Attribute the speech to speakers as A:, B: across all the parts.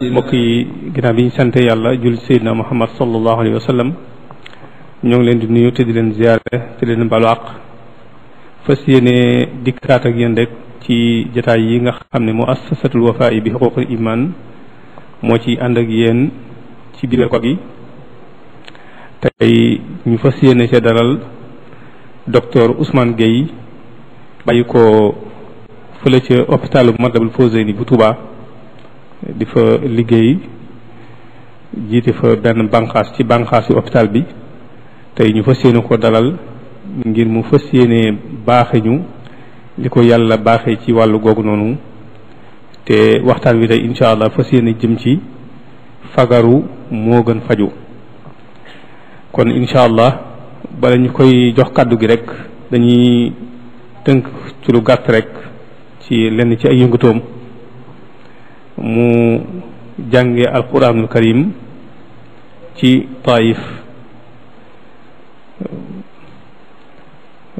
A: mbokk yi biñ bi ñu sante yàlla julli seydina muhammad sallallahu alayhi wa sallam ñoo ngi leen di nuyu te di leen ziyaare te di leen balu àq fas yéene dikkaat ak rek ci jataay yi nga xam ne mu assasatul wafaa bi xuququl iman moo ci ànd ak yéen ci biir ko gi tey ñu fas yéene see dalal docteur Ousmane Gueye bàyyi ko fële ca hôpitalu Matlaboul Fawzeyni bu tubaa di fa liggéey jiite fa benn banqaas ci banqaas yu hôpital bi tey ñu fas yéene ko dalal ngir mu fas yéene baaxe ñu li ko yàlla baaxe ci wàllu googu noonu te waxtaan wi tey incha allah fas yéene jëm ci fagaru moo gën faju kon incha allah bala ñu koy jox kàddu gi rek dañuy tënk ci lu gàtt rek ci lenn ci ay yëngutoom mu jànge alquranul karim ci taif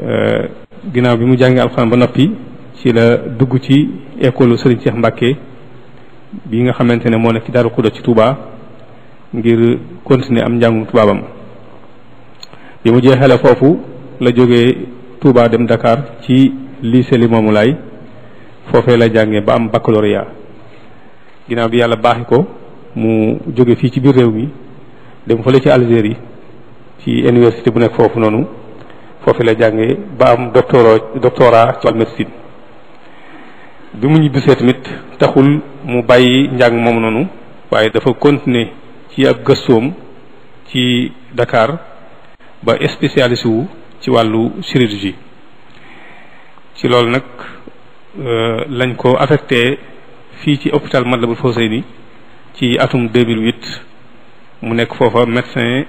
A: euh, ginnaaw bi mu jànge alquran ba noppi ci la dugg ci école Serigne Cheikh Mbacke bi nga xamante ne moo nekk ci Daaru Xuda ci Touba ngir continuer am njàngum tubaabam bi mu jeexale foofu la jógee Touba dem Dakar ci lycée Limamou Laye foofee la jànge ba am baccalauréat ginaaw bi yàlla baaxi ko mu jóge fii ci biir réew mi dem fële ci Algérie ci université bu nekk foofu noonu foofu la jànge ba am doctorat ci wàllu médecine bi mu ñibbisee tamit taxul mu bàyyi njàng moom noonu waaye dafa continuer ci ab gëstoom ci Dakar ba spécialisé ci wàllu chirurgie ci loolu nag euh, lañ ko affecté fii ci hôpital Matlaboul Fawzeyni ci atum mille 2008 mu nekk foofa médecin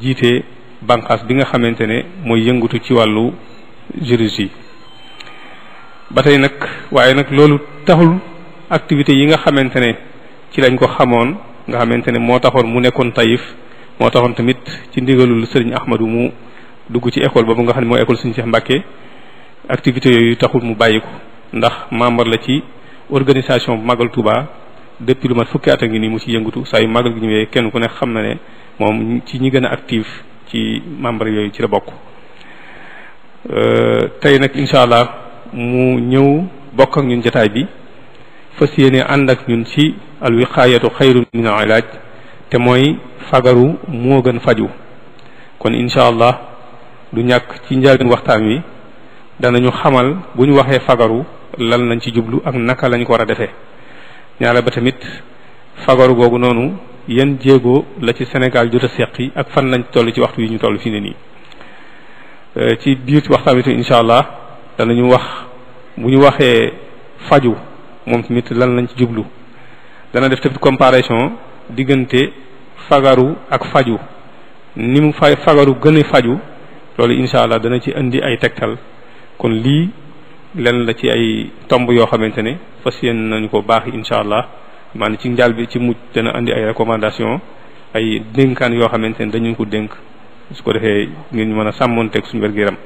A: jiite bànqaas bi nga xamante ne mooy yëngatu ci wàllu chirurgie ba tey nag waaye nag loolu taxul activité yi nga xamante ne ci lañ ko xamoon nga xamante ne moo taxoon mu nekkoon tayif moo taxoon tamit ci ndigalul sëriñ Ahmadu mu dugg ci école boobu nga xam ne mooy école suñu Cheikh Mbàkke activité yooyu taxul mu bàyyi ko ndax membre la ci organisation bu magal Touba depuis lu mat fukki at a ngi nii mu ci yëngatu saa yu màggal gi ñëwee kenn ku ne xam na ne moom ci ñi gën a active ci membre yooyu ci la bokk euh, tey nag incha allah mu ñëw bokk ak ñun jataay bi fas yéene ànd ak ñun ci alwiqaayatu xayrun min na ilaaj te mooy fagaru moo gën faju kon incha allah du ñàkk ci njëlbeen waxtaan wi danañu xamal bu ñu waxee fagaru lan lañ ci jublu ak naka lañ ko war a defee ñaareel ba tamit fagaru googu noonu yan jéego la ci Sénégal jot a seq yi ak fan lañ toll ci waxtu yi ñu toll fii ne nii euh, ci biir waxtaan wi incha allah danañu wax bu ñu waxee faju moom tamit lan lañ ci jublu dana def tamit comparaison diggante fagaru ak faju ni mu fay fagaru gën a faju loolu incha allah dana ci indi ay tegtal kon lii lenn la ci ay tomb yoo xamante ne fas yéen nañu ko baax incha allah maanaam ci njaal bi ci mujj dana indi ay recommandation ay dénkaan yoo xamante ne dañu ko dénk su ko defee ngeen mën a sàmmoon sàmmoonteeg suñu wér gu yaram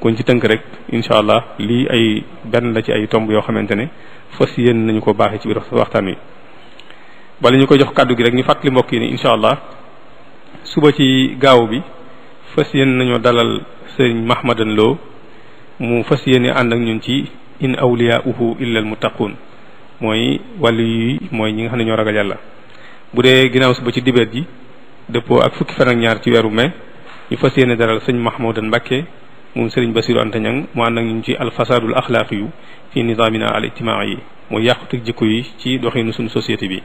A: kon ci tënk rek incha allah lii ay benn la ci ay tomb yoo xamante ne fas yéen nañu ko baaxee ci biir waxtaan wi. bala ñu ko jox kàddu gi rek ñu li mbokk yi ni incha allah suba ci gaaw bi fas yéen nañoo dalal sëriñ Mahmadan Lo. mu fas yéene ànd ak ñun ci in awliyaa'uhu illa almuttaquun mooy wàllu yi mooy ñi nga xam ne ñoo ragal yàlla bu dee ginnaaw suba ci dibeet ji dëppoo ak fukki fan ñaar ci weeru me ñu fas yéene daral sëñ Mahmoudan Mbacké moom sëriñ Basiru Anta Ñang mu ànd ak ñun ci alfasaadul axlaaqi yu fi nizaamina al ijtimaai yi mu yàquteg jikko yi ci doxinu suñu société bi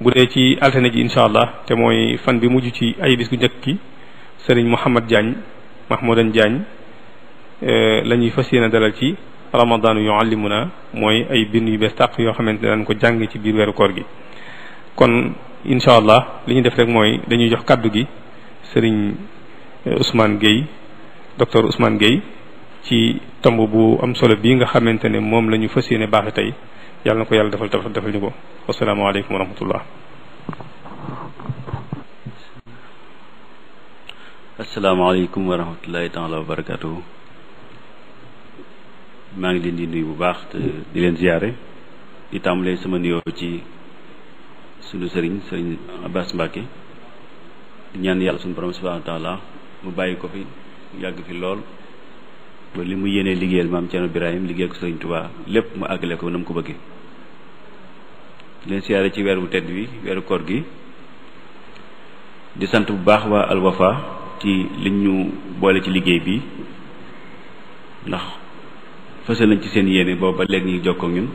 A: bu dee ci altine ji incha allah te mooy fan bi mujj ci ay bis gu njëkk ki sëriñ Mouhamad Diagne Mahmoudan Diagne Euh, la ñuy fas yéene dalal ci ramadaanu yuallimuna mooy ay bind yu bees tàq yoo xamante ne dañ ko jàng ci biir weeru koor gi kon incha allah li ñu def rek mooy dañuy jox kàddu gi sëriñ euh, Ousmane Gueye docteur Ousmane géey ci tomb bu am solo bii nga xamante ne moom la ñu fas yéene baaxe tey yàlla na ko yàlla defal taf defal ñu ko wasalaamaaleykum wa rahmatullah
B: asalaamaaleykum wa rahmatullahi taala maa ngi leen di nuyu bu baax te di leen ziyaare di tàmbalee sama nuyoo ci sunu sëriñ sëriñ Abbas Mbacke di ñaan yàlla sunu borom subhanahu wa taala mu bàyyi ko fi yàgg fi lool ba li mu yéenee liggéeyal maam Thierno Birahim liggéeyal ko sëriñ Touba lépp mu àggale ko na mu ko bëggee di leen ziyaare ci weer tedd wi weeru koor gi di sant bu baax waa Al Wafa ci liñ ñu boole ci liggéey bi ndax fësal nañ ci seen yéene booba léegi ñu jokkoo ñun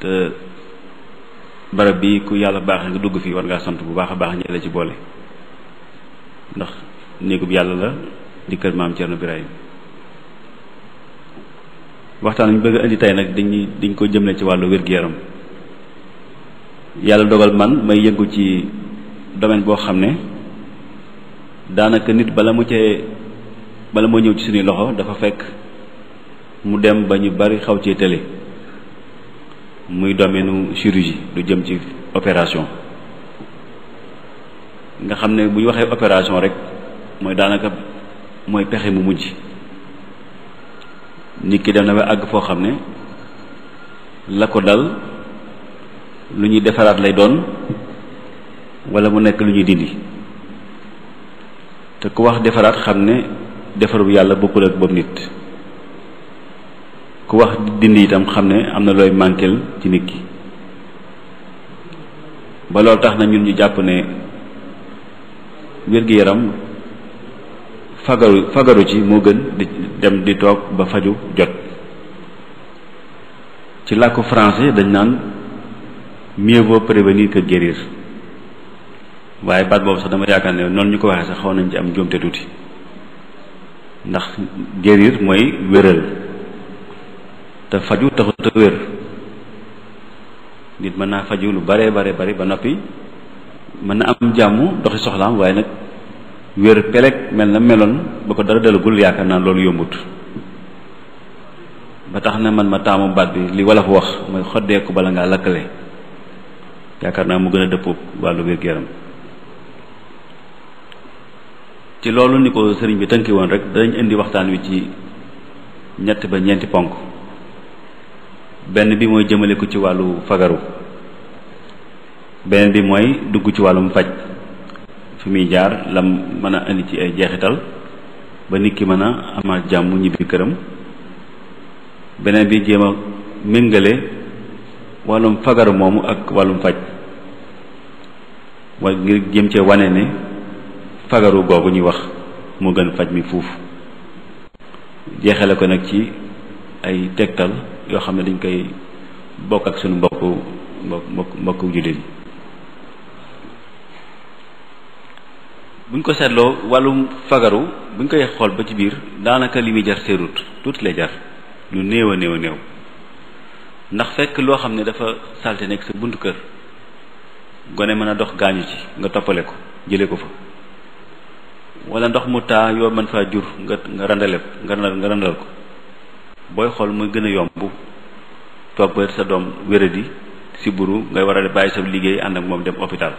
B: te barab bi ku yàlla baax nga dugg fii war ngaa sant bu baax a baax ñi la ci boole ndax néegub yàlla la di kër maam Thierno Birahim waxtaan ñu bëgg indi tey nag dañuy dañ ko jëmle ci wàllu wér-gu-yaram yàlla dogal man may yëngu ci domaine boo xam ne daanaka nit bala mu cee bala moo ñëw ci suñuy loxo dafa fekk mu dem ba ñu bari xaw ci télé muy domaine chirurgie lu jëm ci opération nga xam ne bu waxee opération rek mooy daanaka mooy pexe mu mujj nit ki dem na ba àgg foo xam ne la ko dal lu ñuy defaraat lay doon wala mu nekk lu ñuy dindi te ku wax defaraat xam ne defaru yàlla bokkul ak boobu nit ku wax dindi itam xam ne am na looy mànkeel ci nit ki ba tax na ñun ñu jàpp ne wér-gi-yaram fagaru fagaru ci moo gën di dem di toog ba faju jot ci làkku français dañ naan mieux vaut prévenir que guérir waaye baat boobu sax dama yaakaar ne noonu ñu ko waxee sax xaw nañ ci am njuumte tuuti ndax guérir mooy wéral te faju taxut wér nit mën naa faju lu bare bare bari ba noppi mën na am jàmm doxi soxlaam waaye nag wér peleg mel na meloon ba ko dara dalagul yaakaar naa loolu yombut ba tax na man ma taamu baat bi li walla fu wax mooy xoddeeku bala ngaa lakkale yaakaar naa mu gën a dëppoog wàllu wér-gu-yaram ci loolu ni ko sëriñ bi tënki woon rek dañ indi waxtaan wi ci ñett ba ñeenti ponk benn bi mooy jëmale ko ci wàllu fagaru beneen bi mooy dugg ci wàllum faj fi muy jaar lam mën a indi ci ay jeexital ba nit ki mën a amaat jàmm ñibbi këram beneen bi jéem a méngale wàllum fagaru moomu ak wàllum faj waaye ngir jéem cee wane ne fagaru googu ñuy wax moo gën faj mi fuuf jeexale ko nag ci ay tegtal yoo xam ne dañ koy bokk ak suñu mbokku mbokk mbokku jullit yi buñ ko seetloo wàllum fagaru buñ koy xool ba ci biir daanaka li muy jar seerut tuuti lay jar lu néew a néew a néew ndax fekk loo xam ne dafa salte nekk sa buntu kër gone mën a dox gaañu ci nga toppale ko jëlee ko fa wala ndox mu taa yoo mën faa jur nga nga randale nga randal ko booy xool muy gën a yomb toog ba sa doom wéradi si buru ngay war a bàyyi sa liggéey ànd ak moom dem hôpital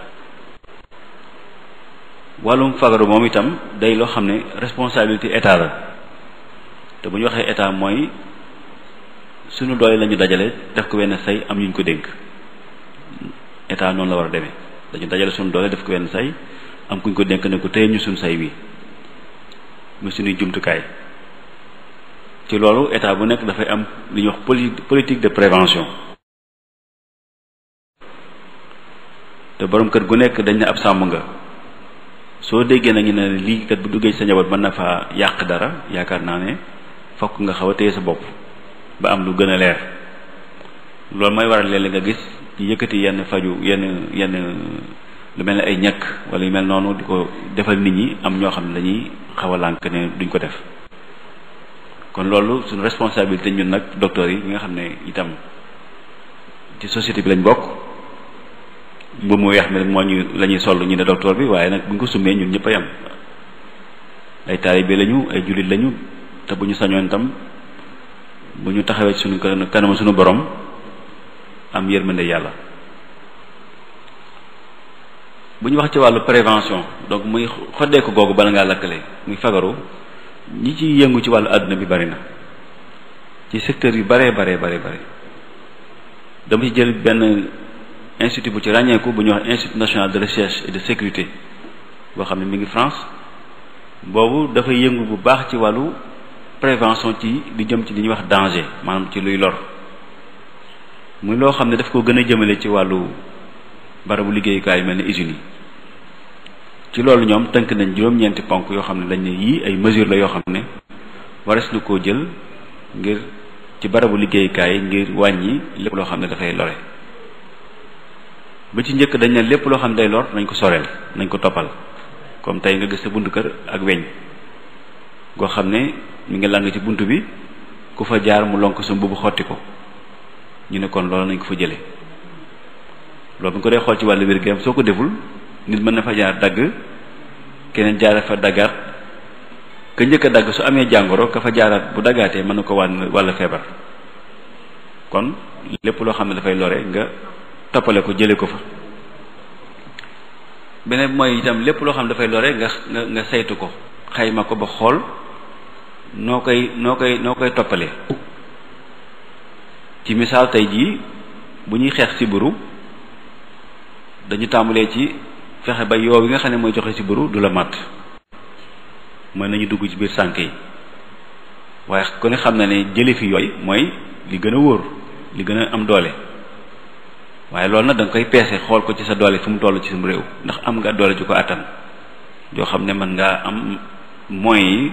B: wàllum fagaru moom itam day loo xam ne responsabilité état la te bu ñu waxee état mooy suñu doole la ñu dajale def ko wenn say am ñu ko dénk état noonu la war a demee dañu dajale suñu doole def ko wenn say am ku ñu ko dénk ne ko téye ñu suñu say wi mu suñuy jumtukaay ci loolu état bu nekk dafay am lu ñuy wax politique de prévention te borom kër gu nekk dañ ne ab sàmm nga soo déggee nañu ne lii bu duggee sa njaboot mën na fa yàq dara yaakaar naa ne fokk nga xaw a téye sa bopp ba am lu gën a leer loolu mooy waral léeg-léeg nga gis ñu yëkkati yenn faju yenn yenn lu mel ne ay ñàkk walla yu mel noonu di ko defal nit ñi am ñoo xam ne dañuy xaw a lànk ne duñ ko def kon loolu suñu responsabilité ñun nag docteurs yi ñi nga xam ne itam ci société bi lañ bokk mbubb mu weex mi rek moo ñu la ñuy soll ñu ne docteur bi waaye nag bu ñu ko summee ñun ñëpp a yem ay taalibe lañu ay jullit lañu te bu ñu sañoon itam bu ñu taxawee suñu kanam suñu borom am yërmande yàlla bu ñu wax ci wàllu prévention donc muy xoddeeku googu bala ngaa lakkale muy fagaru ñi ci yëngu ci wàllu àddina bi bari na ci secteur yu baree baree baree bari dama ci jël benn institut bu ci ràññeeku bu ñuy wax institut national de recherche et de sécurité boo xam ne mi ngi France boobu dafa yëngu bu baax ci wàllu prévention ci li jëm ci li ñuy wax danger maanaam ci luy lor muy loo xam ne daf ko gën a jëmale ci wàllu barabu liggéeyukaay yu mel ni usines yi ci loolu ñoom tënk nañ juróom-ñeenti ponk yoo xam ne dañ ne yii ay mesures la yoo xam ne wares na koo jël ngir ci barabu liggéeyukaay ngir wàññi lépp loo xam ne dafay lore ba ci njëkk dañ ne lépp loo xam ne day lor nañ ko soreel nañ ko toppal comme tey nga gis sa buntu kër ak weñ goo xam ne mu ngi lang ci bunt bi ku fa jaar mu lonk sa mbubu xotti ko ñu nekkoon loolu nañ ko fa jële loolu bu ñu ko dee xool ci wàllu wér soo ko deful nit mën na fa jaar dagg keneen jaara fa daggaat ka njëkk dagg su amee jàngoro ka fa jaaraat bu daggaatee mën na ko wàll wàll feebar kon lépp loo xam ne dafay lore nga toppale ko jële ko fa beneen mooy itam lépp loo xam ne dafay lore nga nga nga saytu ko xayma ko ba xool noo koy noo koy noo koy toppale ci misaal tey jii bu ñuy xeex sibbiru dañu tàmbalee ci fexe ba yow bi nga xam ne mooy joxe ci bëru du la mat mooy nañu dugg ci biir sànk yi waaye ku ne xam na ne jële fi yooyu mooy li gën a wóor li gën a am doole waaye loolu nag danga koy peese xool ko ci sa doole fu mu toll ci sam réew ndax am nga doole ju ko atam yoo xam ne mën ngaa am moyens yi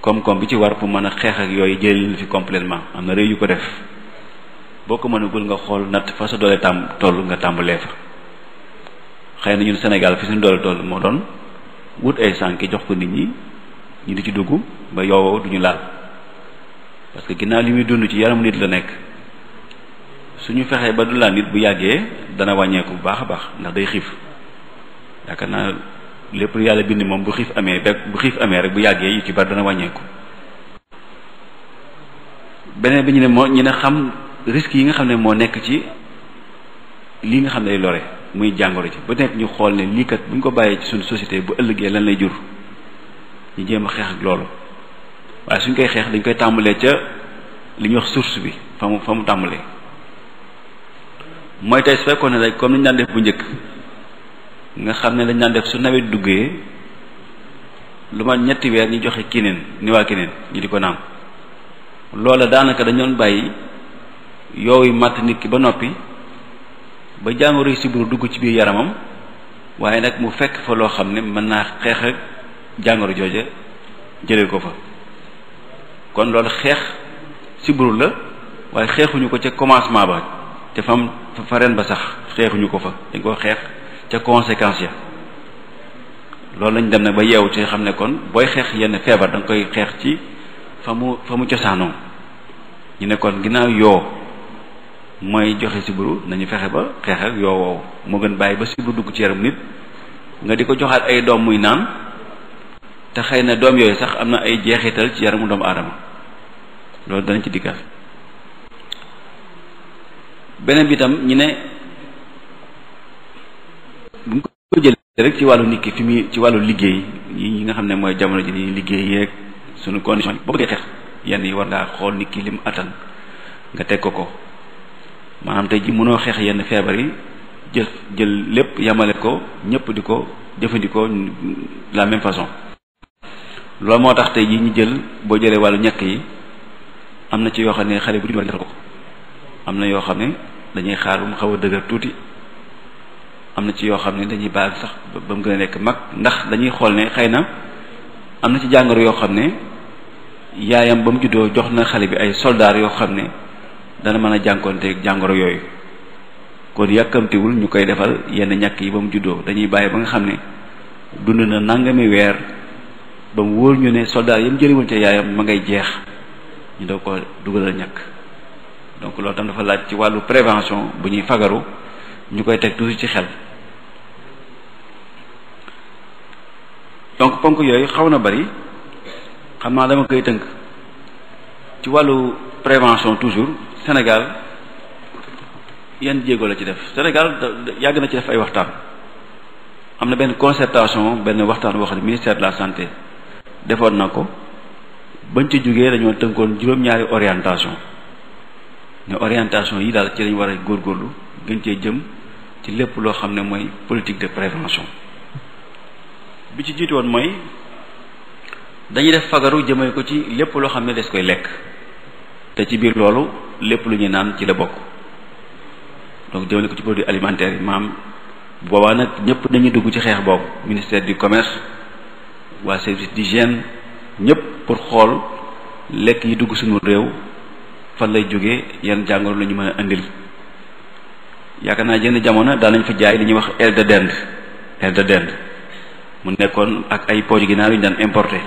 B: koom-koom bi ci war pour mën a xeex ak yooyu jëlee leen fi complètement am na réew yu ko def boo ko mën a mënagul nga xool natt fa sa doole tàmm toll nga tàmbalee fa xëy na ñun Sénégal fi suñu doole toll moo doon wut ay sànke jox ko nit ñi ñu di ci dugg ba yow duñu laal parce que ginnaaw li muy dund ci yaram nit la nekk suñu fexee ba du laal nit bu yàggee dana wàññeeku bu baax a baax ndax day xiif yaakaar naa lépp yàlla bind moom bu xiif amee rek bu xiif amee rek bu yàggee yu ci bari dana wàññeeku beneen bi ñu ne moo ñu ne xam risque yi nga xam ne moo nekk ci lii nga xam ne day lore muy jàngoro ci ba nekk ñu xool ne lii bu ñu ko bàyyee ci suñu société bu ëllëgee lan lay jur ñu jéem a xeex loolu waaye suñ koy xeex dañ koy tàmbalee ca li ñuy wax source bi fa mu fa mu tàmbalee mooy tey su fekkoon ne rek comme ni ñu daan def bu njëkk nga xam ne dañ daan def su nawet duggee lu ma ñetti weer ñu joxe keneen ni waa keneen ñu di ko naan loola daanaka dañ doon bàyyi yooyu matt nit ki ba noppi. ba jàngoro yi sibiru dugg ci biir yaramam waaye nag mu fekk fa loo xam ne mën naa xeex ak jàngoro jooje jëlee ko fa kon loolu xeex si sibiru la waaye xeexuñu ko ca commencement ba te fam fa ba sax xeexuñu ko fa dañ ko xeex ca conséquence ya loolu lañ dem nag ba yeewu ci xam ne kon booy xeex yenn feebar danga koy xeex ci fa mu fa mu cosaanoo ñu nekkoon kon ginnaaw yoo mooy joxe sibru nañu fexe ba xeex ak yoo woow moo gën bàyyi ba sibru dugg ci yaram nit nga di ko joxaat ay doom muy naan te xëy na doom yooyu sax am na ay jeexital ci yaramu doomu aadama loolu danañ ci diggal beneen bi itam ñu ne bu ñu ko jëlee rek ci wàllu nit fi muy ci wàllu liggéey yi nga xam ne mooy jamono ji ni liggéey yeeg suñu condition yi boo bëggee xeex yenn yi war ngaa xool nit ki lim attan nga teg ko ko maanaam te ji mënoo xeex yenn feebar yi jël jël lépp yamale ko ñëpp di ko jëfandikoo la même façon loolu moo tax tey ji ñu jël boo jëlee wàllu ñekk yi am na ci yoo xam ne xale bu ñu war a defal ko am na yoo xam ne dañuy xaar xaw a dëgër tuuti am na ci yoo xam ne dañuy baal sax ba mu gën a nekk mag ndax dañuy xool ne xëy na am na ci jàngoro yoo xam ne yaayam ba mu juddoo jox na xale bi ay soldaar yoo xam ne dana mën a jànkoonteeg jàngoro yooyu kon yàkkamtiwul ñu koy defal yenn ñàkk yi ba mu juddoo dañuy bàyyi ba nga xam ne dund na mi weer ba mu wóor ñu ne soldat yam jëliwoon ca yaayam ma ngay jeex ñu doo ko dugalal ñakk donc loolu tam dafa laaj ci wàllu prévention bu ñuy fagaru ñu koy teg toujours ci xel donc ponk yooyu xaw na bari xam naa dama koy tënk ci wàllu prévention toujours Sénégal yan jéego la ci def Sénégal yàgg na ci def ay waxtaan am na benn concertation benn waxtaan wax ministère de la santé defoon na ko bañ ci jógee dañoo tënkoon juróom-ñaari orientation ne orientation yi daal ci lañ war a góorlu gën cee jëm ci lépp loo xam ne mooy politique de prévention bi ci jiitu woon mooy dañuy def fagaru jëmee ko ci lépp loo xam ne des koy lekk te ci biir loolu lépp lu ñuy naan ci la bokk donc jëmale ko ci produit alimentaire yi maam boobaa nag ñëpp dañuy dugg ci xeex boobu ministère du commerce waa service di d'hygiène ñëpp pour xool lekk yi dugg suñu réew fan lay jóge yan jàngoro la ñu mën a indil yaakaar naa jenn jamono daal daanañ fi jaay li ñuy wax aile de dinde aile de dinde mu nekkoon ak ay pooj ginaar yu ñu daan importé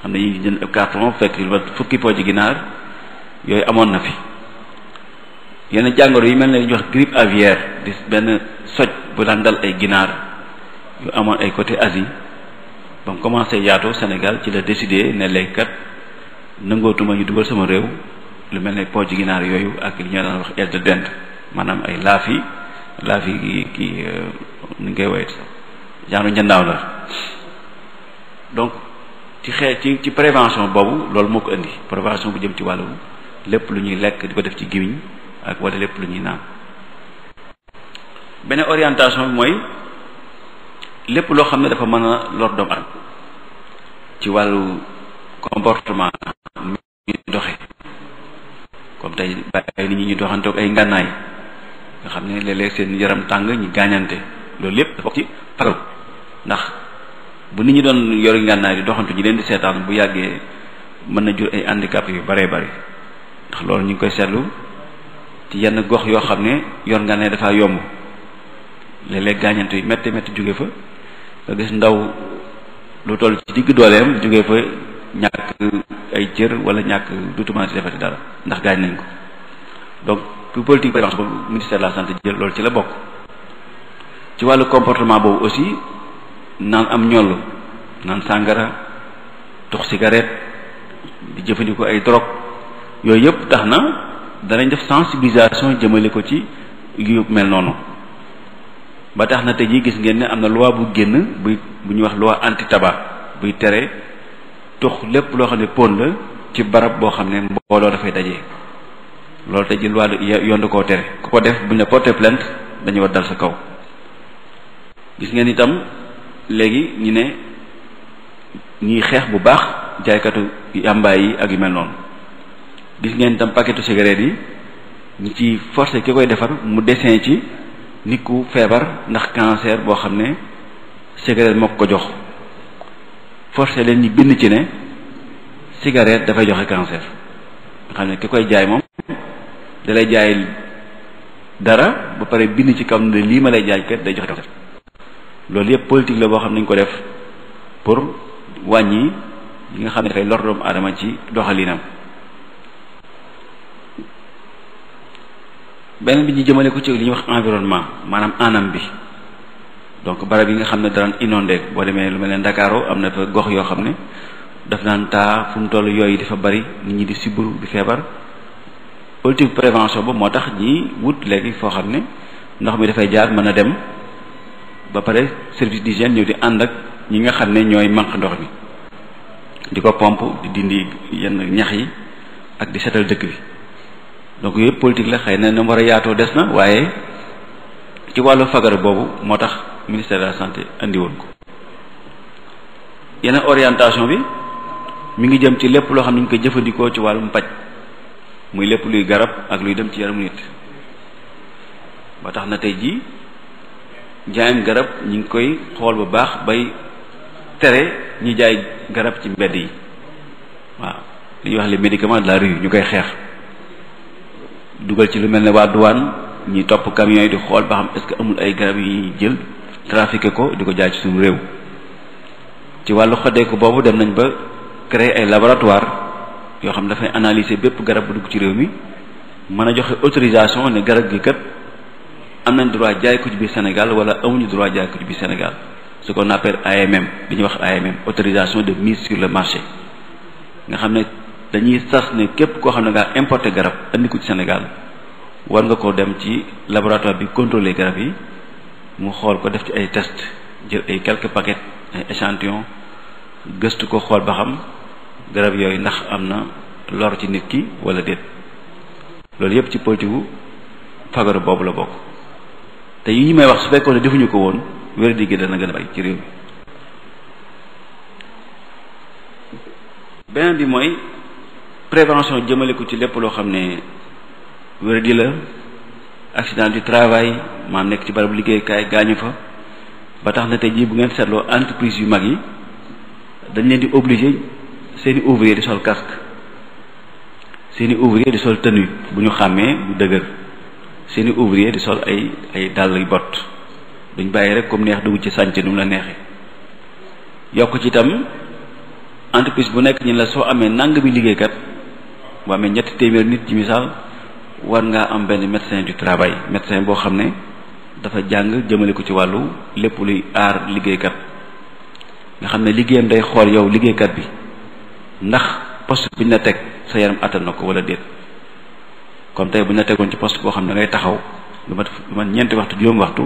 B: xam ne yi jënd carton fekk fukki pooj ginaar yooyu amoon na fi yenn jàngoro yi mel ne jox wax grippe aviaire di benn soj bu daan dal ay ginaar yu amoon ay côté Asie ba mu commencé yaatoo Sénégal ci la décidé ne léegi kat nangootuma ñu dugal sama réew lu mel ne pooji ginaar yooyu ak li ñu daan wax aile de dinde maanaam ay laafi laafi ki kii euh, nu ngay woyet genre njëndaaw la donc ci xee ci ci prévention boobu loolu moo ko indi prévention bu jëm ci wàllu lépp lu ñuy lekk di ko def ci gémmiñ ak wala lépp lu ñuy naan beneen orientation bi mooy lépp loo xam ne dafa mën a lor doomu aadama ci wàllu comportement mi doxe comme tey bàyyi nit ñi ñu doxantoog ay ngànnaay nga xam ne léeg-léeg seen yaram tàng ñi gaañante loolu lépp dafa ci pagaru ndax bu nit ñi doon yor ngànnaay di doxantu ñi leen di seetaan bu yàggee mën na jur ay handicap yu bare bari ndax loolu ñu ngi koy seetlu ci yenn gox yoo xam ne yoon nga ne dafa yomb léeg-léeg gaañante yu métti métti jóge fa nga gis ndaw lu toll ci digg dooleem jóge fa ñàkk ay cër wala ñàkk dutu mën si defati dara ndax gaañ nañ ko donc pour politique prévention boobu ministère la santé jël loolu ci la bokk ci wàll comportement boobu aussi naan am ñoll naan sàngara tux cigarette di jëfandikoo ay drogue yooyu yëpp tax na danañ def sensibilisation jëmale ko ci yu mel noonu ba tax na tey jii gis ngeen ne am na loi bu génn bu bu ñuy wax loi anti tabac buy tere tux lépp loo xam ne pon la ci barab boo xam ne mbooloo dafay daje loolu tey jii loi yoon da koo tere ku ko def bu ñu la porter dañu war dal sa kaw gis ngeen itam léegi ñu ne ñuy xeex bu baax jaaykatu yàmbaay yi ak yu mel noonu gis ngeen tam paquetu cigarette yi ñu ci forcé ki koy defar mu dessin ci nit ku feebar ndax cancer boo xam ne cigarette moo ko jox forcé leen ñu bind ci ne cigarette dafay joxe cancer nga xam ne ki koy jaay moom dalay jaay dara ba pare bind ci kaw ne lii ma lay jaay kat day joxe cancer loolu yëpp politique la boo xam ne ñu ko def pour wàññi yi nga xam ne dafay lor aadama ci doxalinam beneen bi ñu jëmale ko ci li ñuy wax environnement maanaam anam bi donc barab yi nga xam ne daraan inondé boo demee lu mel ne Ndakaaru am na fa gox yoo xam ne daf naan taa fu mu toll yooyu dafa bari nit ñi di sibbiru di feebar politique prévention ba moo tax ñi wut léegi foo xam ne ndox mi dafay jaar mën a dem ba pare service d'hygiène ñëw di ànd ak ñi nga xam ne ñooy manque ndox mi di ko pomp di dindi yenn ñax yi ak di setal dëkk bi donc yëpp politique la xëy na na war yaatoo des na waaye ci wàllu fagara boobu moo tax ministère de la santé andi woon ko yeneen orientation bi mi ngi jëm ci lépp loo xam ne ñu koy jëfandikoo ci wàllum paj muy lépp luy garab ak luy dem ci yaramu nit moo tax na tey jii njaayam garab ñu ngi koy xool bu baax bay tere ñi jaay garab ci mbedd yi waaw li ñuy wax les médicaments de la rue ñu koy xeex dugal ci lu mel ne waa douane ñi topp camions yi di xool ba xam est-ce amul ay garab yi jël trafiqué ko di ko jaay ci suñu réew ci wàllu xoddeeku boobu dem nañ ba créer ay laboratoire yoo xam ne dafay analyser bépp garab bu dugg ci réew mi mën a joxe autorisation ne garab gi kat am nañ droit jaay ko bi biir Sénégal wala amuñu droit jaay ko ci biir Sénégal ce qu'on appelle AMM bi ñuy wax AMM autorisation de mise sur le marché nga xam ne dañuy sas ne képp koo xam ne ngaa importé garab andi ko ci Sénégal war nga ko dem ci laboratoire bi contrôler garab yi mu xool ko def ci ay test jël ay quelque paquets échantion gëstu ko xool ba xam garab yooyu ndax am na lor ci nit ki wala déet loolu yépp ci politique gu fagaru boobu la bokk te yi may wax su fekkoon ne defuñu ko woon wér di gi dana gën a bari ci réew mi bi mooy prévention jëmale ko ci lépp loo xam ne wér gi la accident di travail maam nekk ci barabu liggéeykaay gaañu fa ba tax na te jii bu ngeen seetloo entreprise yu mag yi dañ leen di obligé seeni ouvrier di sol casque seeni ouvrier di sol tenue bu ñu xàmmee bu dëgër seeni ouvrier di sol ay ay dàll bot duñ bàyyi rek comme neex dugg ci sànc nu mu la neexee yokk ci itam entreprise bu nekk ñi la soo amee nang bi liggéeykat boo amee ñetti téeméer nit ci misaal war nga am benn médecin du travail médecin boo xam ne dafa jàng jëmale ko ci wàllu lépp luy aar liggéeykat nga xam ne liggéeyam day xool yow liggéeykat bi ndax poste bi na teg sa yaram attan na ko wala déet comme tey bu ñu tegoon ci poste boo xam ne ngay taxaw lu mat lu ñeenti waxtu juróom waxtu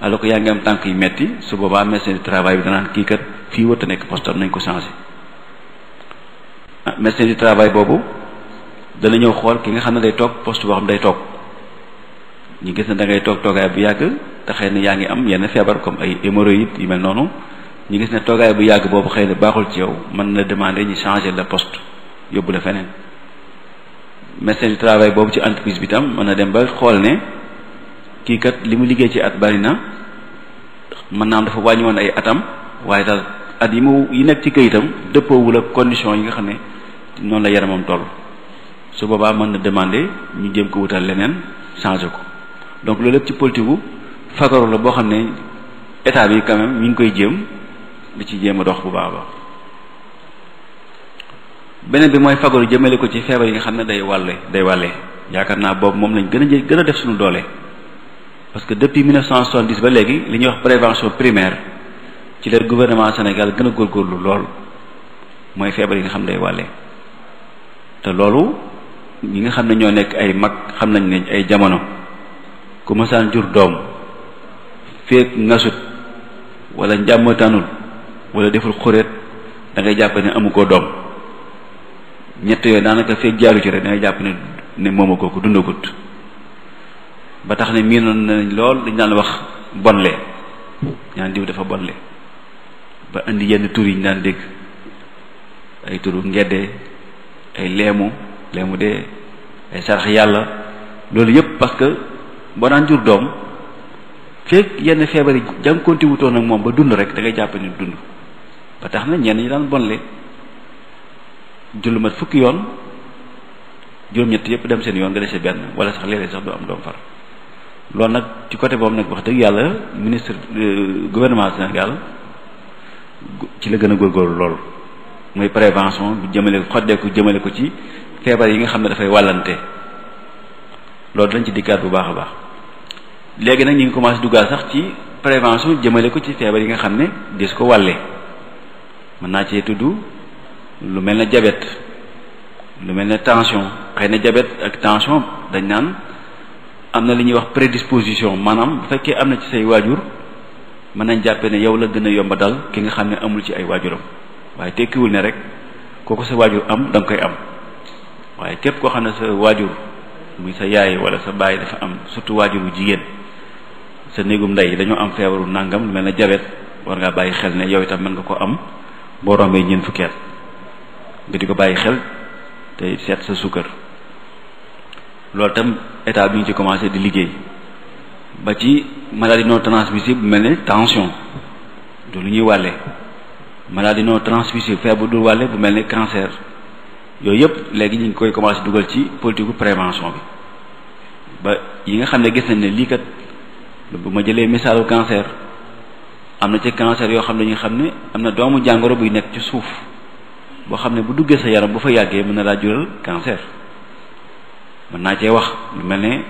B: alors que yaa ngi am tànk yu metti su boobaa médecin du travail bi danaan kii kat fii wërta nekk poste am nañ ko changé ah, médecin du travail boobu dana ñëw xool ki nga xam ne day toog post boo xam day toog ñu gis ne da toog toogaay bu yàgg te xëy na yaa ngi am yenn feebar comme ay hémorroïdes yu mel noonu ñu gis ne toogaay bu yàgg boobu xëy na baaxul ci yow mën na demander ñu changer le poste yóbbu la feneen médecin du boobu ci entreprise bi tam mën na dem ba xool ne kii kat li mu liggéey ci at bari na mën naa am dafa wàññi woon ay atam waaye dal at yi mu yi nekk ci itam dëppoowul ak condition yi nga xam ne noonu la yaramam toll su boobaa mën na demander ñu jéem ko wutal leneen changé ko donc loolu lépp ci politique gu fagaru la boo xam ne état bi quand ñu ngi koy jéem di ci jéem a dox bu baax a baax beneen bi mooy fagaru jëmale ko ci feebar yi nga xam ne day wàlle day wàlle yaakaar naa boobu moom lañ gën a gën a def suñu doole parce que depuis 1970 ba léegi li ñuy wax prévention primaire ci la gouvernement Sénégal gën a góor góorlu lool mooy feebar yi nga xam ne day wàlle ñi nga xam ne ñoo nekk ay mag xam nañ ne ay jamono ku masaan jur doom feek ngasut walla njàmmatanul wala deful xureet dangay ngay jàpp ne amu ko doom ñett yooyu daanaka feek jaaru ci rek da ngay jàpp ne ne mooma kooku dundagut ba tax ne miinoon nañ lool dañ daan wax bonle ñaan diw dafa bonle ba indi yenn tur yi ñu daan dégg ay turu ngedde ay leemu léeg mu dee ay sarax yàlla loolu yëpp parce que boo daan jur doom fekk yenn feebar yi jànkoonti wutoon ak moom ba dund rek da ngay jàpp ni dund ba tax na ñenn ñi daan bonle jullu mat fukki yoon juróom-ñett yëpp dem seen yoon nga dese benn wala sax léeg-léeg sax du am doom far loolu nag ci côté boobu nag wax dëgg yàlla ministre euh, gouvernement Sénégal ci la gën a góorgóorlu lool mooy prévention bu jëmale xoddeeku jëmale ko ci feebar yi nga xam ne dafay wàllante loolu dañ ci dikkaat bu baax a baax léegi nag ñu ngi commencé duggaat sax ci prévention jëmale ko ci feebar yi nga xam ne dis ko wàlle mën naa cee tuddu lu mel ne jabet lu mel ne tension xëy na jabet ak tension dañ naan am na li ñuy wax prédisposition maanaam bu fekkee am na ci say waajur mën nañ jàppee ne yow la gën a yomba dal ki nga xam ne amul ci ay waajuram waaye tekkiwul ne rek kooku sa waajur am da nga koy am waaye képp koo xam ne sa waajur muy sa yaay wala sa baay dafa am surtout waajur bu jigéen sa néegum ndey dañoo am feebaru nàngam lu mel ne jabet war ngaa bàyyi xel ne yow itam mën nga ko am boo rombee ñeent fukki at nga di ko bàyyi xel te seet sa sukkar loolu itam état bi ñu ci commencé di liggéey ba ci maladie non transmissible bu mel ne tension du lu ñuy wàlle maladie non transmissible feebar du wàlle bu mel ne cancer yooyu yëpp léegi ñu ngi koy commencé dugal ci politique prévention bi ba yi nga xam ne gis nañ ne lii kat bu ma jëlee misaalu cancer am na ci cancer yoo xam ne ñu xam ne am na doomu jàngoro buy nekk ci suuf boo xam ne bu duggee sa yaram bu fa yàggee mën na laa jural cancer mën naa cee wax lu mel ne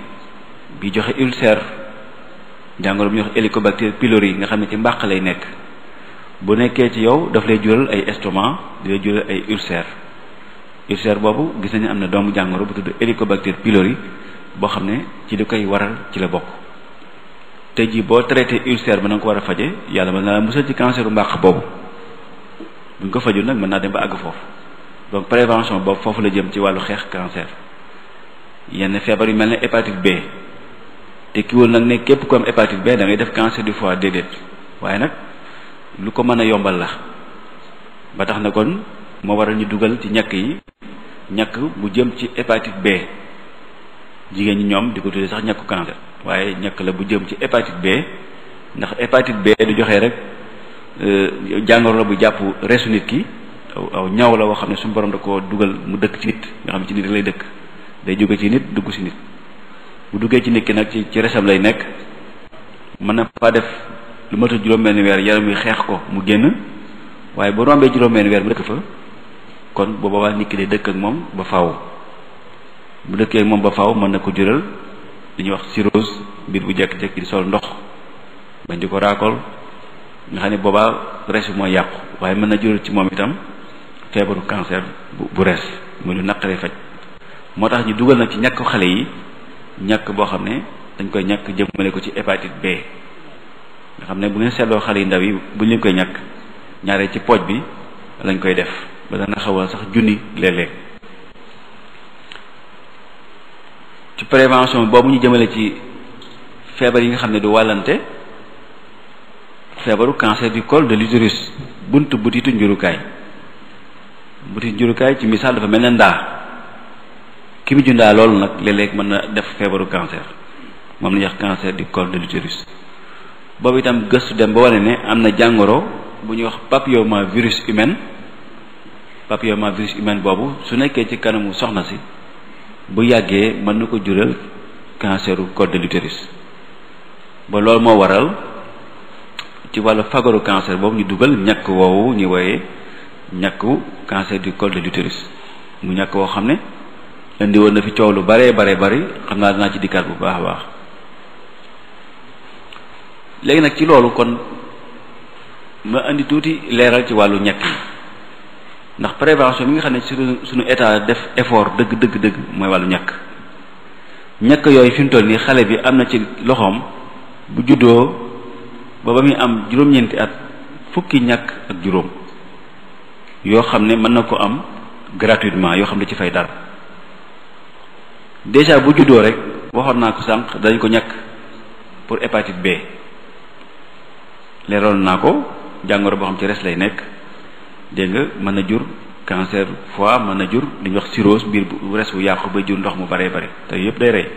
B: bi joxe ulcère jàngoro bu ñuy wax Helicobacter pylori nga xam ne ci mbàq lay nekk bu nekkee ci yow daf lay jural ay estomac di lay jural ay ulcère ulcère boobu gis nañu am na doomu jàngoro bu tudd Helicobacter pylori boo xam ne ci li koy waral ci la bokk tey jii boo traité ulcère ba na nga ko war a faje yàlla mën na la musal ci canceru mbàq boobu bu ko fajul nag mën naa dem ba àgg foofu donc prévention boobu foofu la jëm ci wàllu xeex cancer yenn feebar yi mel ne hépatite B te kiwul nag ne képp ku am hépatite B da ngay def cancer du foie déedéet waaye nag lu ko mën a yombal la ba tax na kon moo waral ñu dugal ci ñàkk yi ñàkk bu jëm ci hépatite B jigéen ñi ñoom di ko tuddee sax ñàkku cancer waaye ñàkk la bu jëm ci hépatite B ndax hépatite B du joxee rek euh, jàngoro la bu jàpp reesu nit ki aw ñaaw la woo xam ne suñu borom da ko dugal mu dëkk ci nit ñoo xam ne ci nit lay dëkk day jóge ci nit dugg ci nit bu duggee ci nit ki nag ci ci resam lay nekk mën na faa def lu mata juróom ni weer yaram wi xeex ko mu génn waaye bu rombee juróom weer mu dëkk fa kon boo boobaa nit ki dëkk ak moom ba faw bu dëkkee ak moom ba faw mën na ko jural li ñuy wax cirrhose mbir bu jekk-jekk di sol ndox bañ di ko raakool nga xam ne boobaa res bi mooy yàqu waaye mën na jural ci moom itam feebaru cancer bu bu res mu lu naqaree faj moo tax ñu dugal nag ci ñàkk xale yi ñàkk boo xam ne dañ koy ñàkk jëmale ko ci hépatite B nga xam ne bu ngeen seetloo xale yu ndaw yi bu ñu leen koy ñàkk ñaaree ci pooj bi lañ koy def ba dana xawal sax junni léeg ci prévention boobu ñu jëmale ci feebar yi nga xam ne du wàllante feebaru cancer du col de l'utérus bunt butitu njurukaay butitu njurukaay ci misaal dafa mel ne ndaa ki mu jundaa loolu nag léeg mën na def feebaru cancer moom la ñuy wax cancer du col de l'utérus boobu itam gëstu dem ba wane ne am na jàngoro bu ñu wax papilloma virus humain papier ma virus humaine boobu su nekkee ci kanamu soxna si bu yàggee mën na ko jural canceru col de l'utérus ba loolu moo waral ci wàllu fagaru cancer boobu ñu dugal ñàkk woowu ñu wooyee ñàkku cancer du col de l'utérus mu ñàkk woo xam ne indi woon na fi coow lu bare bare bari xam naa dinaa ci dikkaat bu baax a baax léegi nag ci loolu kon ma indi tuuti leeral ci wàllu ñàkk yi ndax prévention bi nga xam ne suñu suñu état def effort dëgg dëgg dëgg mooy wàllu ñàkk ñàkk yooyu fi mu toll nii xale bi am na ci loxoom bu juddoo ba ba muy am juróom-ñeenti at fukki ñàkk ak juróom yoo xam ne mën na ko am gratuitement yoo xam ne ci fay dara déjà bu juddoo rek waxoon naa ko sànq dañ ko ñàkk pour hépatite B leeroon naa ko jàngoro boo xam ci res lay nekk dégg nga mën na jur cancer fois mën na jur li ñuy wax cirrhose biir bu res bu yàqu ba jur ndox mu baree bare te yëpp day rey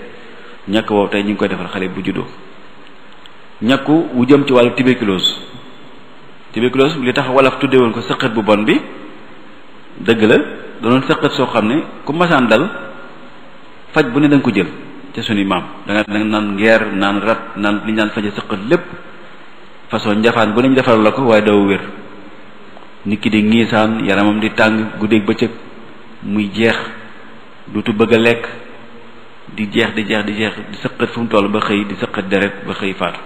B: ñàkk woowu tey ñu ngi koy defal xale bu juddoo ñàkku wu jëm ci wàllu tuberculose tuberculose li tax wolof tuddee woon ko sëqët bu bon bi dëgg la danoon sëqët soo xam ne ku masaan dal faj bu ne da ko jël ca suñu maam da nga naan ngeer naan rat naan li ñu faje sëqët lépp façon njafaan bu ne ñu defal la ko waaye doo wér nit ki di ngiisaan yaramam di tàng guddeeg bëccëg muy jeex dutu bëgg a lekk di jeex di jeex di jeex di sëqat fu mu toll ba xëy di sëqat deret ba xëy faatu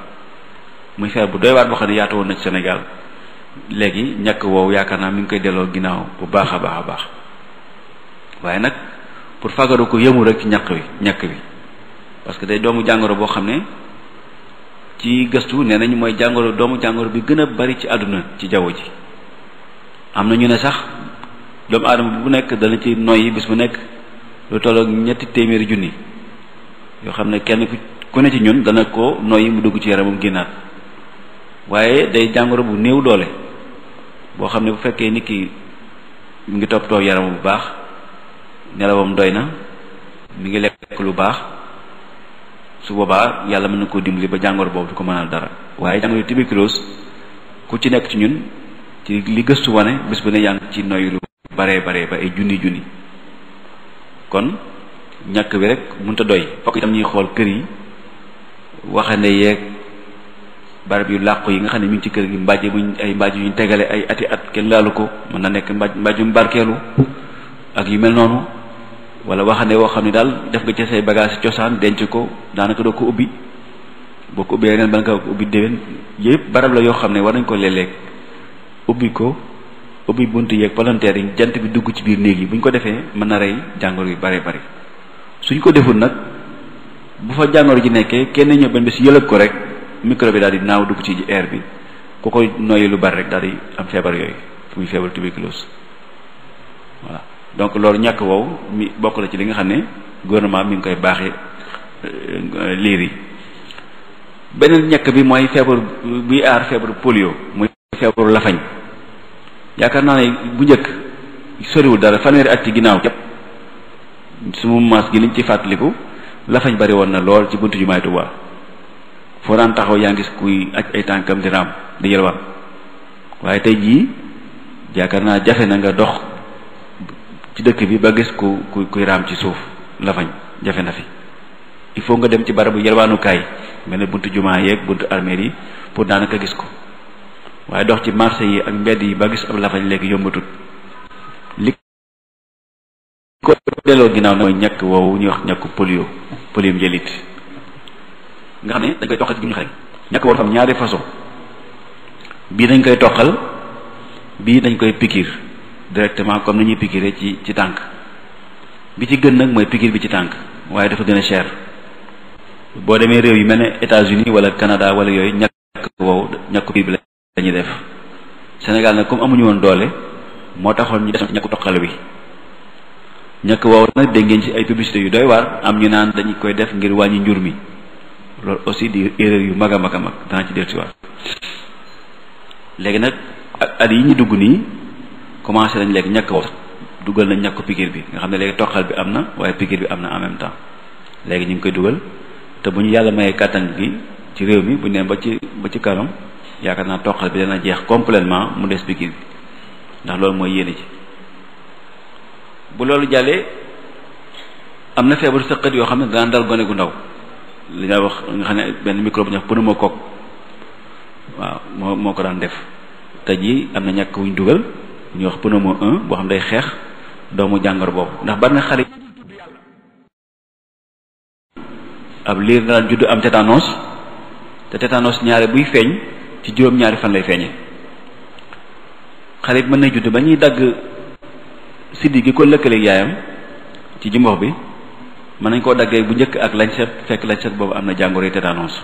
B: muy feer bu doy waat boo xam ne yaatu léegi ñàkk woowu yaakaar naa mi ngi koy delloo ginnaaw bu baax baax a baax waaye nag pour fagaru ko yëmu rek ci ñàkk wi ñàkk wi parce que day doomu jàngoro boo xam ne ci gëstu nee nañu mooy jàngoro doomu jàngoro bi gën a bari ci àdduna ci jaww ji am na ñu ne sax doomu aadama bu nekk dana ci noyyi bis bu nekk lu tollook ñetti téeméeri junni yoo xam ne kenn ku ne ci ñun dana ko noyyi mu dugg ci yaramam génnaat waaye day jàngoro bu néew doole boo xam ne bu fekkee nit ki mu ngi toppatoo yaramam bu baax nelawam doy na mu ngi lekk lu baax su boobaa yàlla mën na koo dimbali ba jàngoro boobu du ko mënal dara waaye jàngoro tuberculose ku ci nekk ci ñun ci li gëstu wane bés bu ne yaa ngi ci noy lu baree ba ay junni junni kon ñàkk bi rek mënut a doy fokk itam ñuy xool kër yi waxande yeeg barab yu làqu yi nga xam ne mi ci kër gi mbàjj buñ ay mbàjj yuñ tegale ay ati at kenn laalu ko mën na nekk mbàjj mbàjjum barkeelu ak yu mel noonu wala waxande woo xam ne daal def nga ci say bagage cosaan denc ko daanaka doo ko ubbi boo ko ubbee ren ba nga ko ubbi déwén yëpp barab la yoo xam ne war nañ ko léeg-léeg ubbi ko ubbi bunt yeeg palanteer yi jant bi dugg ci biir néeg yi buñ ko defee mën na rey jàngoro yu bare bari suñ ko deful nag bu fa jàngoro ji nekkee kenn ñëw benn bés yëlëg ko rek micro bi daal naaw dugg ci air bi ku koy noyyi lu bari rek daal am feebar yooyu muy feebar tuberculose donc loolu ñàkk woow mi bokk la ci li nga xam ne gouvernement mi ngi koy baaxe euh, liir yi beneen ñàkk bi mooy feebar buy aar feebaru polio muy feebaru lafañ yaakaar naa ne bu njëkk soriwul dara fanweeri at ci ginnaaw képp sumu maas gi liñ ci fàttaliku lafañ bari woon na lool ci buntu jumaay Tuubaa foo daan taxaw yaa ngi gis kuy aj ay tànkam di raam di yelwaan waaye tey jii yaakaar naa jafe na nga dox ci dëkk bi ba gis ku ku kuy raam ci suuf lafañ jafe na fi il faut nga dem ci barabu yelwaanukaay mel ne buntu jumaa yeeg buntu armeel yi pour daanaka gis ko waaye dox ci marché yi ak mbedd yi ba gis ab lafañ léegi yombatut li ko delloo ginnaaw na mooy ñàkk woowu ñuy wax ñàkk polio polio njëlit nga xam ne dañ koy toqal ci bu ñu xare ñàkk woowu dafa am ñaari façon bii dañ koy toqal bii dañ koy pikiir directement comme ni ñuy pikiiree ci ci tànk bi ci gën nag mooy pikiir bi ci tànk waaye dafa gën a cher boo demee réew yi mel ne États-Unis wala Canada wala yooyu ñàkk woowu ñàkk pikiir bi dañuy def Sénégal na comme amuñu woon doole moo taxoon ñu def ñàkku toqal bi ñàkk woowu nag dégg ci ay publicité yu doy waar am ñu naan dañu koy def ngir wàññi njur mi loolu aussi di éréer yu mag a mag a mag dana ci dellusiwaat léegi nag ak at yi ñu dugg nii commencé nañ léegi ñàkk woowu sax dugal nañ ñàkku piqûre bi nga xam ne léegi toqal bi am na waaye piqûre bi am na en même temps léegi ñu ngi koy dugal te bu ñu yàlla mayee kàttan gi ci réew mi bu ñu nee ba ci ba ci kanam yaakaar naa toqal bi dana jeex complètement mu des pikir bi ndax loolu mooy yéene ci bu loolu jàllee am na feebar sëqat yoo xam ne dana dal gone gu ndaw li nga wax nga xam ne benn microbe ñax pneumocoque waaw moo moo ko daan def te ji am na ñàkk wuñ dugal ñu wax pneumo un boo xam ne day xeex doomu jàngoro boobu ndax bari na xale ab liir daan judd am tétanos te tétanos ñaare buy feeñ ci juróom-ñaari fan lay feeñe xale bi mën na judd ba ñuy dagg siddi gi ko lëkkaleeg yaayam ci jimbox bi mën nañ koo daggee bu njëkk ak lañset fekk lañset boobu am na jàngoro tétanos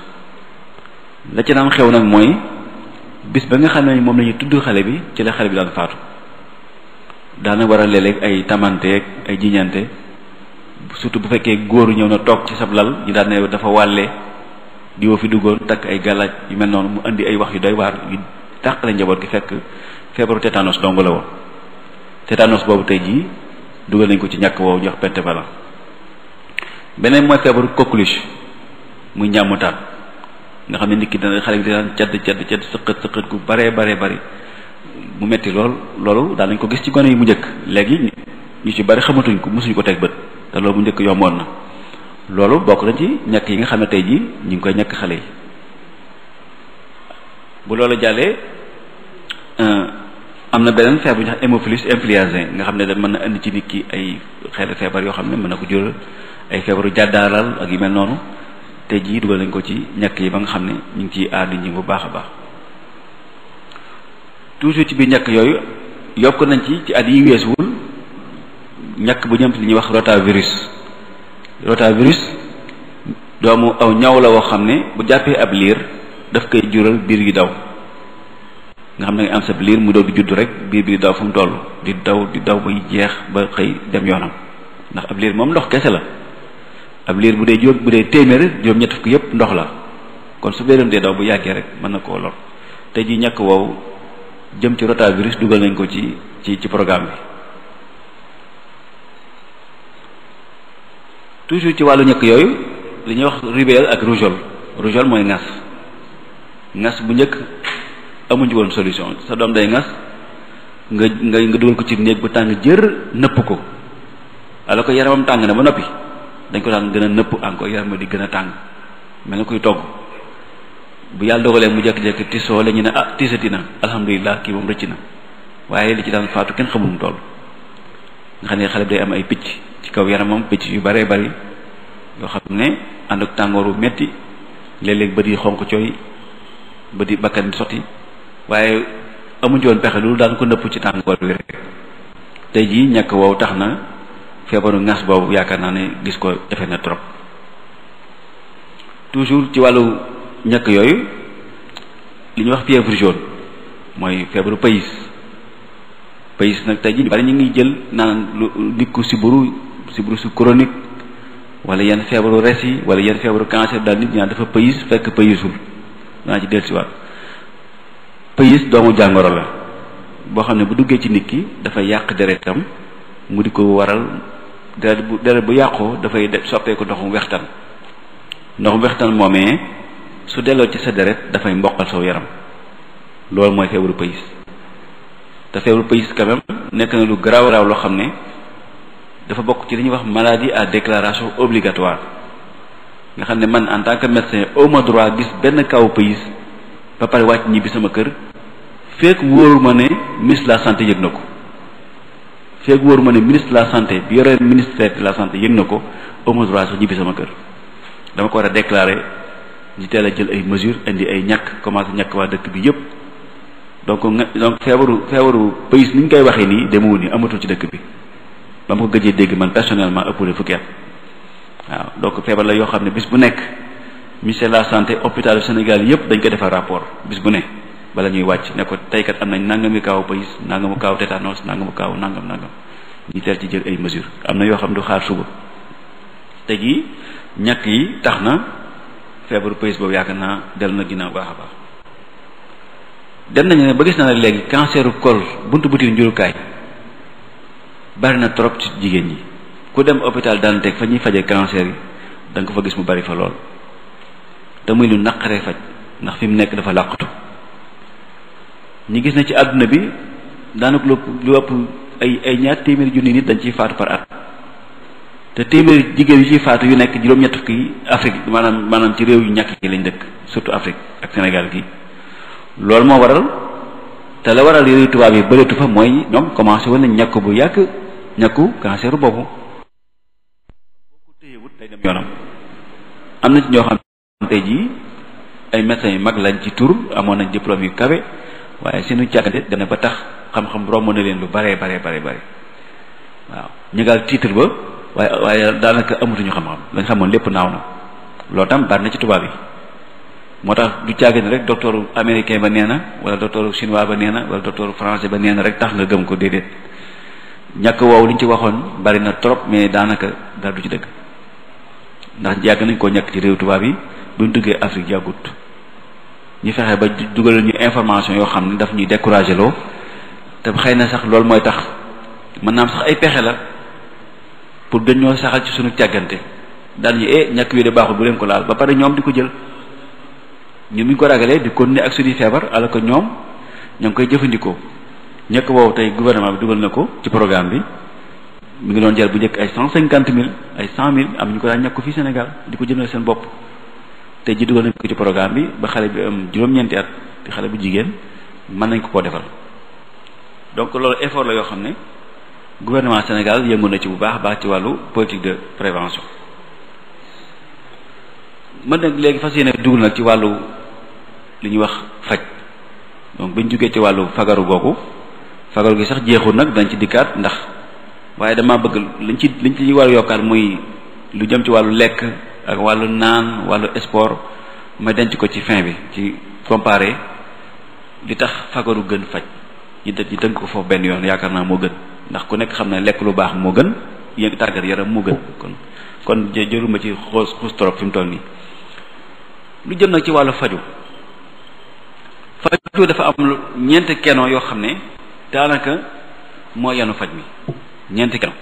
B: la ci daan xew nag mooy bis ba nga xam ne moom lañuy tudd xale bi ci la xale bi daan faatu daana war a léeg-léeg ay tamanteeg ay jiñante surtout bu fekkee góor ñëw na toog ci sab lal ñu daan ne dafa wàlle di woo fi duggoon takk ay gàllaaj yu mel noonu mu indi ay wax yu day waar yu tàqale njaboot gi fekk feebaru tétanos dong la woon tétanos boobu tey jii dugal nañ ko ci ñàkk woowu jox pentavalent beneen mooy feebaru coqueluche muy ñàmmutaan nga xam ne nit ki dana xale bi daan cadd cadd cadd sëqët sëqët gu baree baree bari mu metti lool loolu daan nañ ko gis ci gone yi mu njëkk léegi ñu ci bari xamatuñu ko mosuñ ko teg bët te loolu mu njëkk yomboon na loolu bokk nañ ci ñàkk yi nga xam ne tey jii ñu ngi koy ñàkk xale yi bu loolu jàllee euh, am na beneen feebar bu ñu xam hémophilus influenzae nga xam ne da mën na indi ci nit ki ay xeetu feebar yoo xam ne mën na ko jural ay feebaru jàddaaral ak yu mel noonu te jii dugal nañ ko ci ñàkk yi ba nga xam ne ñu ngi ci aar ñu ñi bu baax a baax toujours ci biir ñàkk yooyu yokk nañ ci ci at yi weesuwul ñàkk bu ñëm li ñuy wax rotavirus rotavirus doomu aw ñaw la woo xam ne bu jàppee ab liir daf koy jural biir yi daw nga xam ne nga am sa liir mu doog juddu rek biir bi daw fu mu toll di daw di daw bay jeex ba xëy dem yoonam ndax ab liir moom ndox kese la ab liir bu dee juróom bu dee téeméer juróom ñett fukk yépp ndox la kon su dee dee daw bu yàggee rek mën na koo lor te ji ñàkk wow jëm ci rotavirus dugal nañ ko ci ci ci programme bi toujours ci wàllu ñëkk yooyu li ñuy wax rubéole ak rougeole rougeole mooy ngas ngas bu njëkk amuñ ci woon solution sa doom day ngas nga nga nga dugal ko ci néeg bu tàng jër nëpp ko alors que yaramam tàng na ba noppi dañ ko daan gën a nëpp encore yaramam di gën a tàng mel na koy togg bu yàlla dogalee mu jékki-jékki tisoo la ñu ne ah tisati na alhamdulilah kii moom rëcc na waaye li ci daan faatu kenn xamul mu toll nga xam ne xale bi day am ay picc ci kaw yaramam picc yu baree bari yoo xam ne ànd ak tàngooru metti léeg bët yi xonq coy bët yi bakkan di sotti waaye amuñu joon pexe loolu daan ko nëpp ci tàngoor wi rek tey jii ñàkk wow tax na feebaru ŋas boobu yaakaar naa ne gis ko defe na trop toujours ci wàllu ñàkk yooyu li ñuy wax fièvre jaune mooy feebaru pays pays nag tey jii ñu bari ñu ngi jël naan lu dikku siburu siburu su chronique wala yenn feebaru res yi wala yenn feebaru cancer daal nit ñaa dafa pays fekk payisul danaa ci dellusiwaat pays doomu jàngoro la boo xam ne bu duggee ci nit ki dafa yàq deretam mu di ko waral deret bu deret bu yàqoo dafay soppeeku ndoxum wextan ndoxum wextan moomee su delloo ci sa deret dafay mboqal saw yaram loolu mooy feebaru pays te feebaru pays quand nekk na lu garaaw raaw loo xam ne dafa bokk ci li ñuy wax maladie à déclaration obligatoire nga xam ne man en tant que médecin au ma droit gis benn kaw pays ba pare wàcc ñibbi sama kër fekk wóoru ma ne ministre de la santé yëg na ko fekk wóoru ma ne ministre la santé bi yore ministère la santé yëg na ko au ma droit sax ñibbi sama kër dama ko war a déclarer ñu teel a jël ay mesures indi ay ñàkk commencé ñàkk waa dëkk bi yëpp donc nga donc feebaru feebaru pays ni ñu koy waxee nii demewul nii amatul ci dëkk bi ba ma ko gëjee dégg man personnellement ëppale fukki at waaw donc feebar la yoo xam ne bis bu nekk ministère la santé hôpital Sénégal yépp dañ ko defar rapport bis bu ne bala ñuy wàcc ne ko teykat am nañ nangami kaaw pays nangamu kaaw tétanos nangamu kaaw nangam nangam ñi teel ci jël ay mesures am na yoo xam ne du xaar suba te gi ñàkk yi tax na feebaru pays boobu yaakaar naa dellu na ginnaaw a dem nañu ne ba gis na nag léegi canceru kol bunt buti njurukaay bari na trop ci jigéen ñi ku dem hôpital daan teg fa ñuy fajee cancer yi danga ko fa gis mu bari fa lool te muy lu naqaree faj ndax fi mu nekk dafa làqutu ñu gis na ci àdduna bi daanaka lu lu ëpp ay ay ñaar téeméeri junni nit dañ ciy faatu par at te téeméeri jigéen yu ciy faatu yu nekk juróom-ñett fukki Afrique maanaam maanaam ci réew yu ñàkk yi lañ dëkk surtout Afrique ak Sénégal gi loolu moo waral te la waral yooyu tubaab yi bëreetu fa mooy ñoom commencé woon nañ ñàkk bu yàgg ñàkku cancer boobu téyewut day dem yoonam am na ci ñoo xam tey jii ay médecins yu mag lañ ci tur amoon nañ diplôme yu kawe waaye seenu càggante dana ba tax xam-xam romb na leen lu bare bare bare bare waaw ñu gaal titre ba waaye waaye daanaka amatuñu xam-xam lañ xamoon lépp naaw na loolu tam bari ci tubaab yi moo tax du caagin rek docteur américain ba nee na wala docteur chinois ba nee na wala docteur français ba nee na rek tax nga gëm ko déedéet ñàkk woowu li ñu ci waxoon bari na trop mais daanaka dara du ci dëgg ndax yàgg nañ koo ñàkk ci réew tubaab yi duñ duggee Afrique yàggut ñu fexe ba dugal ñu information yoo xam ne daf ñuy décourager loo te xëy na sax loolu mooy tax mën naa sax ay pexe la pour dañoo saxal ci suñu càggante daan ñu eh ñàkk wi de baaxul leen ko laal ba pare ñoom di ko jël. ñun bu ñu ko ragalee di continuer ak suñuy feebar alors que ñoom ñoo ngi koy jëfandikoo ñekk woowu tey gouvernement bi dugal na ko ci programme bi mu ngi doon jar bu njëkk ay cent cinquante mille ay cent mille am ñu ko daan fii Sénégal di ko jëndal seen bopp tey ji dugal nañ ko ci programme bi ba xale bi am juróom xale bu jigéen mën nañ ko koo defal donc loolu effort yoo xam ne gouvernement Sénégal yëngu na ci bu baax baax ci wàllu politique de prévention man nag léegi fas yéene dugal nag ci wàllu li ñuy wax faj donc bañ jugee ci wàllu fagaru googu fagaru gi sax jeexul nag dañ ci dikkaat ndax waaye dama bëgg liñ ci liñ ci war a yokkaat muy lu jëm ci wàllu lekk ak wàllu naan wàllu sport ma denc ko ci fin bi ci comparé li tax fagaru gën faj ñu dë ñu tënk ko foofu benn yoon yaakaar naa moo gën ndax ku nekk xam ne lekk lu baax moo gën yëngu tàggat yaram moo gën kon kon jë jëruma ci xoos xuus trop fi mu toll nii lu jëm nag ci wàllu faju faj bi dafa am lu ñeenti keno yoo xam ne daanaka moo yenu faj mi ñeent keno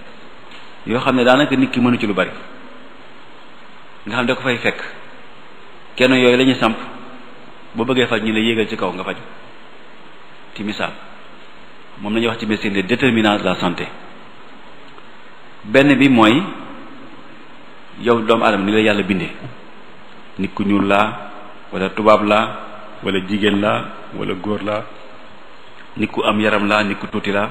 B: yoo xam ne daanaka nit ki mënu ci lu bari nga xam ne ko fay fekk keno yooyu la samp boo bëggee faj ñi la yéegal ci kaw nga faj ci misaal moom lañuy wax ci médecine les déterminants la santé benn bi mooy yow doomu aadama ni la yàlla bindee nit ku ñuul laa wala tubaab laa wala jigéen laa wala góor la nit ku am yaram laa nit ku tuuti la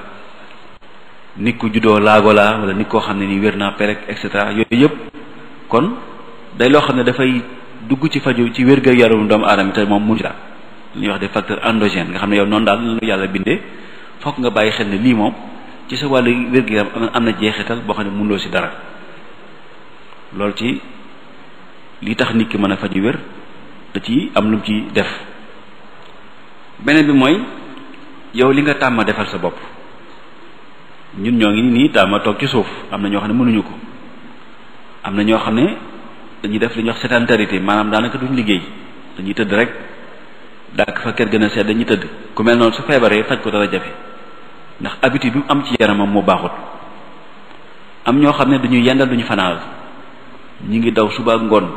B: nit ku juddoo laago laa wala nit koo xam ne ni wér naa perek et cetera yooyu yëpp kon day loo xam ne dafay dugg ci faju ci wér-gu yaramu doomu aadama te moom mujj la li ñuy wax des facteurs endogènes ne yow noonu daal lu yàlla bindee fokk nga bàyyi xel ne lii moom ci sa wàll wér-gu yaram am na jeexital boo xam ne mënuloo si dara loolu ci li tax nit ki mën a faju wér da ci am lu mu ci def beneen bi mooy yow li nga tàmm defal sa bopp ñun ñoo ngi nii tàmm toog ci suuf am na ñoo xam ne mënuñu ko am na ñoo xam ne dañuy def li ñuy wax sédentarité maanaam daanaka duñ liggéey dañuy tëdd rek daak fa kër gën a seet dañuy tëdd ku mel noonu su feebaree faj ko dara jafe ndax habitude bi mu am ci yaramam mu baaxut am ñoo xam ne duñu yendal duñu fanaal ñu ngi daw suba ngoon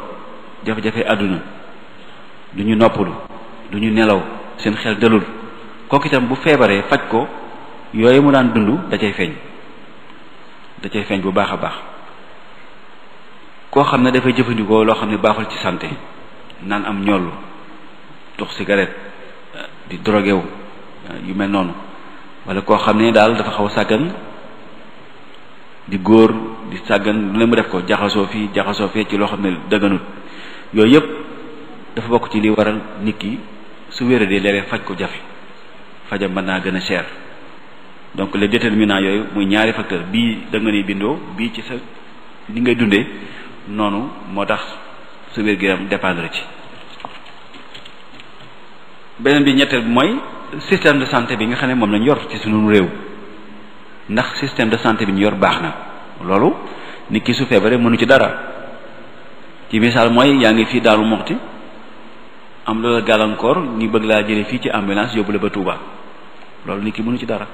B: jafe-jafe àdduna duñu noppalu duñu nelaw seen xel dalul kooku itam bu feebaree faj ko yooyu mu daan dund da cay feeñ da cay feeñ bu baax a baax koo xam ne dafay jëfandikoo loo xam ne baaxul ci santé naan am ñollu tux cigarette di drogué wu yu mel noonu walla koo xam ne daal dafa xaw a sàggan di góor di sàggan lu ne mu def ko jaxasoo fii jaxasoo fee ci loo xam ne dëgganut yooyu yëpp dafa bokk ci li waral nit ki su wéradee léeg-léeg faj ko jafe fajam mën naa gën a cher donc les déterminants yooyu muy ñaari facteur bii da nga bindoo bii ci sa ni ngay dundee noonu moo tax su wér gi yaram dépendre ci beneen bi ñetteel bi mooy système de santé bi nga xam ne moom lañ yor ci suñu réew ndax système de santé bi ñu yor baax na loolu nit ki su feebaree mënu ci dara ci misaal mooy yaa ngi fii Daaru Muxti am la gàllankoor ñu bëgg laa jële fii ci ambulance yóbbu la ba Touba loolu nit ki ci dara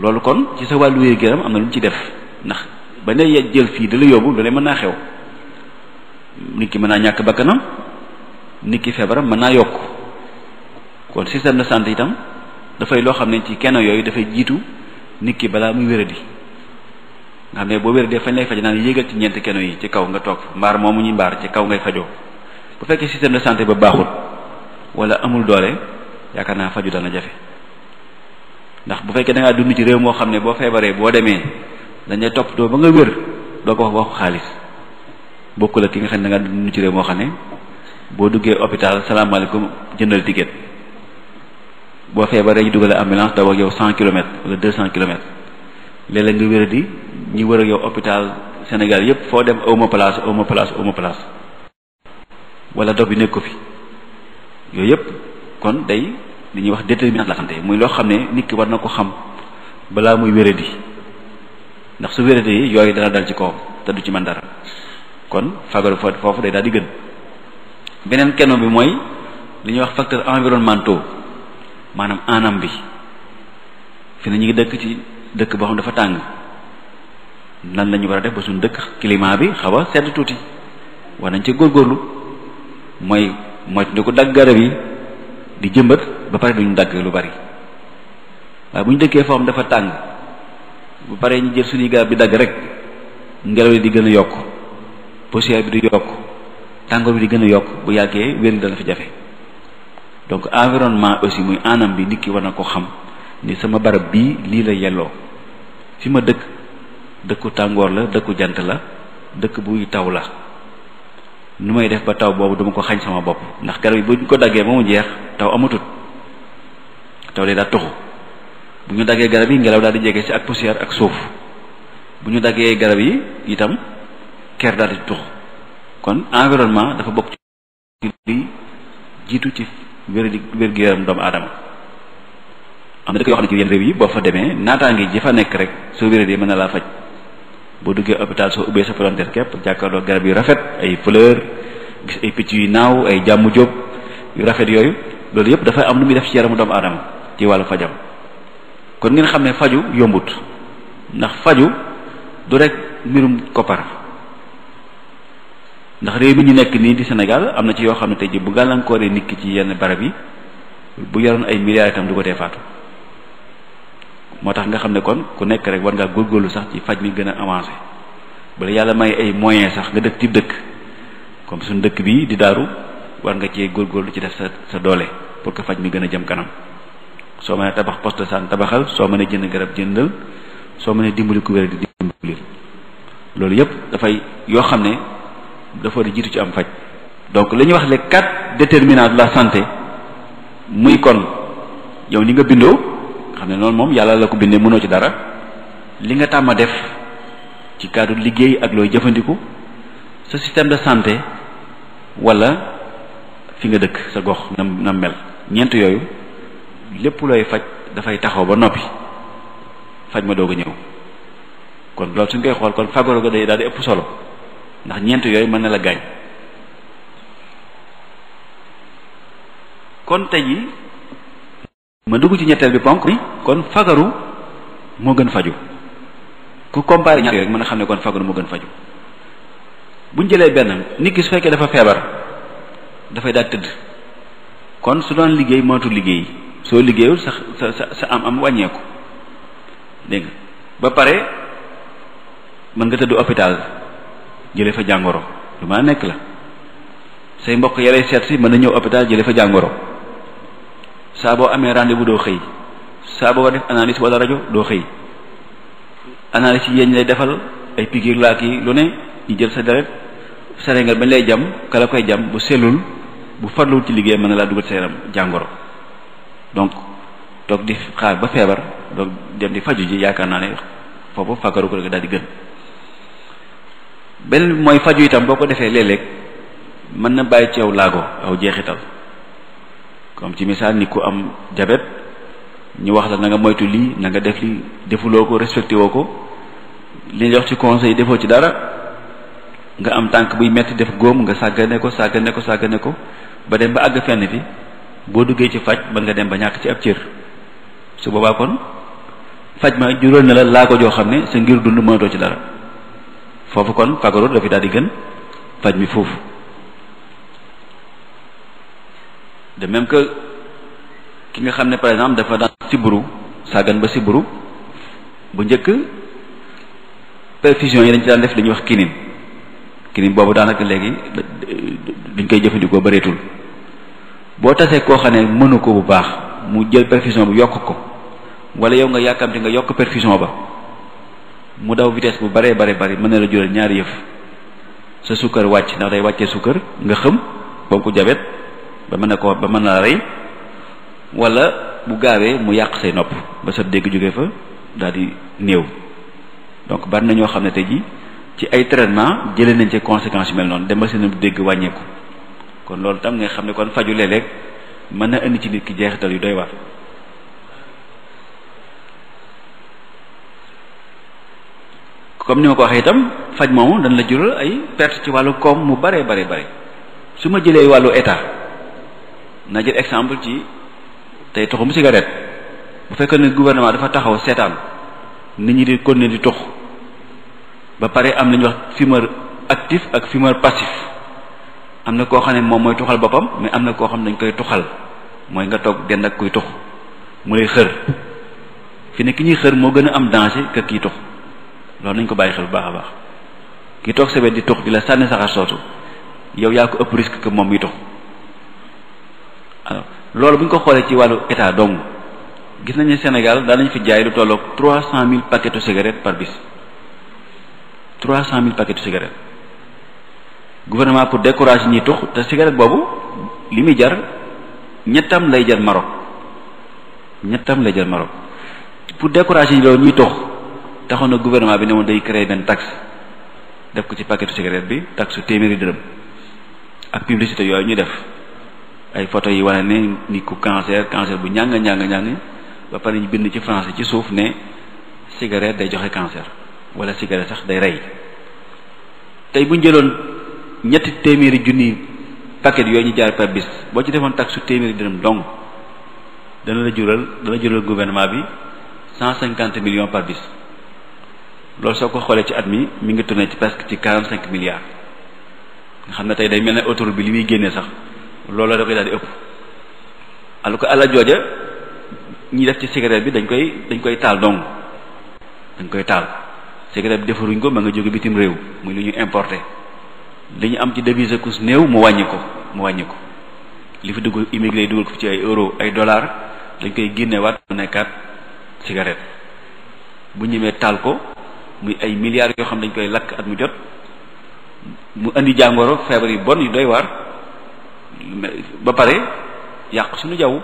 B: loolu kon ci sa wàllu wéer gëram am na lu mu ci def ndax ba ne jël fii dala yóbbu lu ne mën naa xew nit ki mën naa ñàkk bakkanam nit ki feebaram mën naa yokk kon système de sant itam dafay loo xam ne ci kenn yooyu dafay jiitu nit ki balaa muy wéradi nga xam ne boo wéradee fañ lay faj naan yéegal ci ñeenti kenn yi ci kaw nga toog mbaar moomu ñuy mbaar ci kaw ngay fajoo bu fekkee système de santé ba baaxul wala amul doole yaakaar naa faju dana jafe ndax bu fekkee da ngaa dund ci réew moo xam ne boo feebaree boo demee dañ lay toppatoo ba nga wér doo ko wax waxu xaalis bokkul ak ki nga xam ne da ngaa dund ci réew moo xam ne boo duggee hôpital salaamaaleykum jëndal ticket boo feebaree ñu dugalee ambulance daw ak yow cent kilomètres wala deux cent kilomètres léeg-léeg nga wér di ñi wër ak yow hôpital Sénégal yépp foo dem awma place awma place wala dog bi nekk ko fi yooyu yëpp kon day li ñuy wax déterminante la xamte muy loo xam ne nit ki war na ko xam balaa muy wéradi ndax su wéradi yi yooyu dana dal ci kawam te du ci man dara kon fagaru foofu day daal di gën beneen keno bi mooy li ñuy wax facteur environnementaux maanaam aanam bi fi ne ñu ngi dëkk ci dëkk boo xam dafa tàng nan lañu ñu war a def ba suñu dëkk climat bi xaw a sedd tuuti war nañ ci góorgóorlu mooy mooy di ko dagg garab yi di jëmbat ba pare duñu dagg lu bari waaye bu ñu dëkkee foo xam dafa tàng bu paree ñu jël suñuy garab bi dagg rek ngelaw li di gën a yokk poussière bi di yokk tàngoor bi di gën a yokk bu yàggee wér dana fi jafe donc environnement aussi muy aanam bi nit ki war na ko xam ni sama barab bii lii la yelloo fi ma dëkk dëkku tàngoor la dëkku jant la dëkk buy taw la nu may def ba taw boobu duma ko xañ sama bopp ndax garab yi bu ñu ko daggee ba mu jeex taw amatut taw day daal toxu bu ñu daggee garab yi ngelaw daal di jege ci ak poussière ak suuf bu ñu daggee garab yi itam ker daal di toxu kon environnement dafa bokk ci li jiitu ci wér wérgu yaram doomu aadama am na dëkk yoo xam ne ci yenn réew yi boo fa demee naataange ji fa nekk rek soo wéree mën na laa faj boo duggee hôpital soo ubbee sa palanteer képp jàkkaarloo garab yu rafet ay fleur gis ay picc yu naaw ay jàmm jóob yu rafet yooyu loolu yëpp dafay am lu muy def ci yaramu doomu aadama ci wàllu fajam kon ngeen xam ne faju yombut ndax faju du mbirum koppar ndax réew mi ñu nekk nii di Sénégal am na ci yoo xam ne tey ji bu gàllankooree nit ki ci yenn barab yi bu yoroon ay milliards itam du ko tee faatu moo tax nga xam ne kon ku nekk rek war ngaa góor góorlu sax ci faj mi gën a avancer bala yàlla may ay moyens sax nga dëkk ci dëkk comme suñu dëkk bii di daaru war nga cee góorgóorlu ci def sa sa doole pour que faj mi gën a jëm kanam soo mënee tabax poste de santé tabaxal soo mënee jënd garab jëndal soo mënee dimbali ku wér di dimbali loolu yépp dafay yoo xam ne dafa di jiitu ci am faj donc li ñuy wax les quatre déterminants la santé muy kon yow ni nga bindoo xam ne noonu moom yàlla la ko bindee mënoo ci dara li nga tàmm def ci cadre liggéey ak looy jëfandiku sa système de santé wala fi nga dëkk sa gox na na mel ñeent yooyu lépp looy faj dafay taxaw ba noppi faj ma doog ñëw kon loolu suñ koy xool kon fagaru ga day daal di ëpp solo ndax ñeent yooyu mën na la gaañ kon tey jii ma dugg ci ñetteel bi ponk bi kon fagaru moo gën faju ku comparé ñaar mën a xam ne kon fagaru moo gën faju buñ jëlee benn nit ki su fekkee dafa feebar dafay daal tëdd kon su doon liggéey mënatul liggéey soo liggéeyul sa sa sa am am wàññeeku dégg nga ba pare mën nga tëdd hôpital jëlee fa jàngoro lu ma nekk la say mbokk yalay seet si mën na ñëw hôpital jëlee fa jàngoro saa boo amee rendez bu doo xëy saa boo def analyse walla rajo doo xëy analyse yi yéen lay defal ay piqûre laa kii lu ne ñu jël sa deret sa ba bañ lay jam kala koy jam bu sellul bu farluwul ci liggéey mën na laa dugal sa yaram jàngoro donc toog di xaar ba feebar donc dem di faju ji yaakaar naa ne foofu fagaru ko rek daal di gën beneen mooy faju itam boo ko defee léeg mën na bàyyi ci yow laago aw jeexital comme ci misaal ni ku am jabet ñu wax la na nga moytu lii na nga def lii defuloo ko respecté woo ko li jox ci conseil defoo ci dara nga am tànk buy metti def góom nga sàggane ko sàggane ko sàggane ko ba dem ba àgg fenn bi boo duggee ci faj mën nga dem ba ñàkk ci ab cër su boobaa kon faj ma jural na la laa ko joo xam ne sa ngir dund mënatoo ci dara foofu kon fagaru dafi daal di gën faj mi foofu de même que ki nga xam ne par exemple dafa daan siburu sàggan ba siburu bu njëkk perfusion yi dañ ci daan def li wax kinin kinin boobu daanaka léegi duñ koy jëfandikoo bareetul boo tasee koo xam ne mënu ko bu baax mu jël perfusion bu yokk ko wala yow nga yàkkamti nga yokk perfusion ba mu daw vitesse bu baree bare bari mën na la jural ñaari yëf sa sukkar wàcc ndax day wàccee sukkar nga xëm boobu ko jabet ba mën a ko ba mën a rey wala bu gaawee mu yàq say nopp ba sa dégg jóge fa daal di néew donc bari na ñoo xam ne tey jii ci ay traitement jëlee nañ ci conséquence yu mel noonu dem ba seen dégg wàññeeku kon loolu tam nga xam ne kon faju lee léeg mën na indi ci nit ki jeexital yu doy waar. comme ni ma ko waxee itam faj moomu dañ la jural ay perte ci wàllu koom mu bare bare bare su ma jëlee wàllu état. naa exemple ci tey toxum cigarette bu fekkee ne gouvernement dafa taxaw seetaan nit ñi di continuer di tox ba pare am nañu wax fumeur actif ak fumeur passif am na koo xam ne moom mooy tuxal boppam mais am na koo xam ne dañ koy tuxal mooy nga toog dend ak kuy tux mu lay xër fi ne ki ñuy xër moo gën a am danger que kii tux loolu nañ ko bàyyi xel bu baax a baax kii toog sa di tux di la sànni saxar sootu yow yaa ko ëpp risque que moom miy tux alors loolu bu ñu ko xoolee ci wàllu état dong gis nañu Sénégal daan nañ fi jaay lu tolloog trois cent mille paquetu cigarette par bis trois cent mille paquetu cigarette gouvernement pour décourager ñi tux te cigarette boobu li muy jar ñettam lay jar Maroc ñettam lay jar Maroc pour décorage yi loolu ñuy tux taxoon na gouvernement bi ne woon day créer benn taxe def ko ci paquetu cigarette bi taxe téeméeri dërëm ak publicité yooyu ñu def ay photo yi wane ne nit ku cancer cancer bu ñàng ñàng ñàng ba pare ñu bind ci français ci suuf ne cigarette day joxe cancer wala cigarette sax day rey tey bu ñu jëloon ñetti téeméeri junni paquet yooyu ñu jaar par bis boo ci defoon tax su téeméeri dërëm dong dana jural dana jural gouvernement bi cent cinquante millions par bis loolu soo ko xoolee ci at mi mi ngi tourné ci presque ci quarante cinq milliards nga xam na tey day mel ne autoroute bi li muy génnee sax. loola da koy daal di ëpp alors que alal jooja ñi def ci cigarette bi dañ koy dañ koy taal dong dañ koy taal cigarette bi defaruñ ko ma nga jóge bitim réew muy lu ñu importé li ñu am ci devise kus néew mu wàññi ko mu wàññi ko li fi dugg immigré dugal ko ci ay euro ay dollar dañ koy génne waat mu nekkaat cigarette bu ñemee taal ko muy ay milliards yoo xam dañ koy lakk at mu jot mu indi jàngoro feebar yu bon yu doy waar ba pare yàq suñu jaww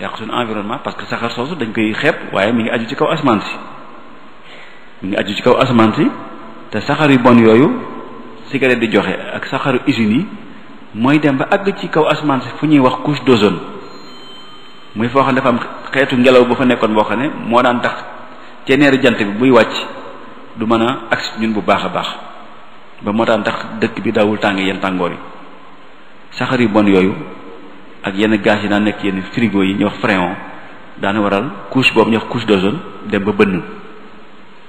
B: yàq suñu environnement parce que saxaar soosu dañ koy xeeb waaye mu ngi aju ci kaw asamaan si mi ngi aju ci kaw asamaan si te saxaar yu bon yooyu cigarette di joxe ak saxaaru usines yi mooy dem ba àgg ci kaw asamaan si fu ñuy wax couche d'ozone muy foo xam ne dafa am xeetu ngelaw bu fa nekkoon boo xam ne moo daan tax ceneeru jant bi buy wàcc du mën a agsi ñun bu baax a baax ba moo daan tax dëkk bi daawul tàng yenn tàngoor yi saxar yu bon yooyu ak yenn gaz yi daan nekk yenn frigo yi ñuy wax fréon daan waral couche boobu ñuy wax couche d'ozone dem ba bënn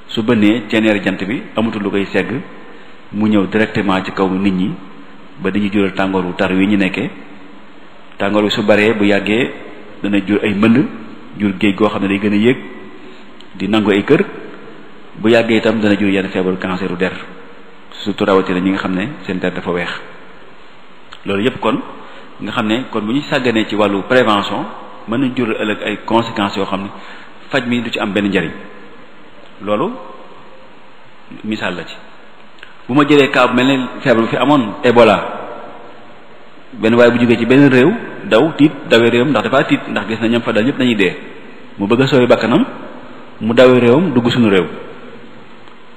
B: su bënnee ceeneer jant bi amatul lu koy segg mu ñëw directement ci kaw nit ñi ba dañuy jural tàngoor wu tar wii ñu nekke tàngoor wi su baree bu yàggee dana jur ay mbënn jur géej goo xam ne day gën a yéeg di nangu ay kër bu yàggee itam dana jur yenn feebaru cancer u der surtout rawatina ñi nga xam ne seen der dafa weex loolu yëpp kon nga xam ne kon bu ñu sàgganee ci wàllu prévention mën na jural ëllëg ay conséquences yoo xam ne faj mi du ci am benn njariñ loolu misaal la ci bu ma jëlee cas bu mel ni feebar bi fi amoon Ebola benn waaye bu jógee ci benn réew daw tiit dawee réewam ndax dafa tiit ndax gis na ñam fa dal ñëpp dañuy dee mu bëgg a sooy bakkanam mu dawee réewam dugg suñu réew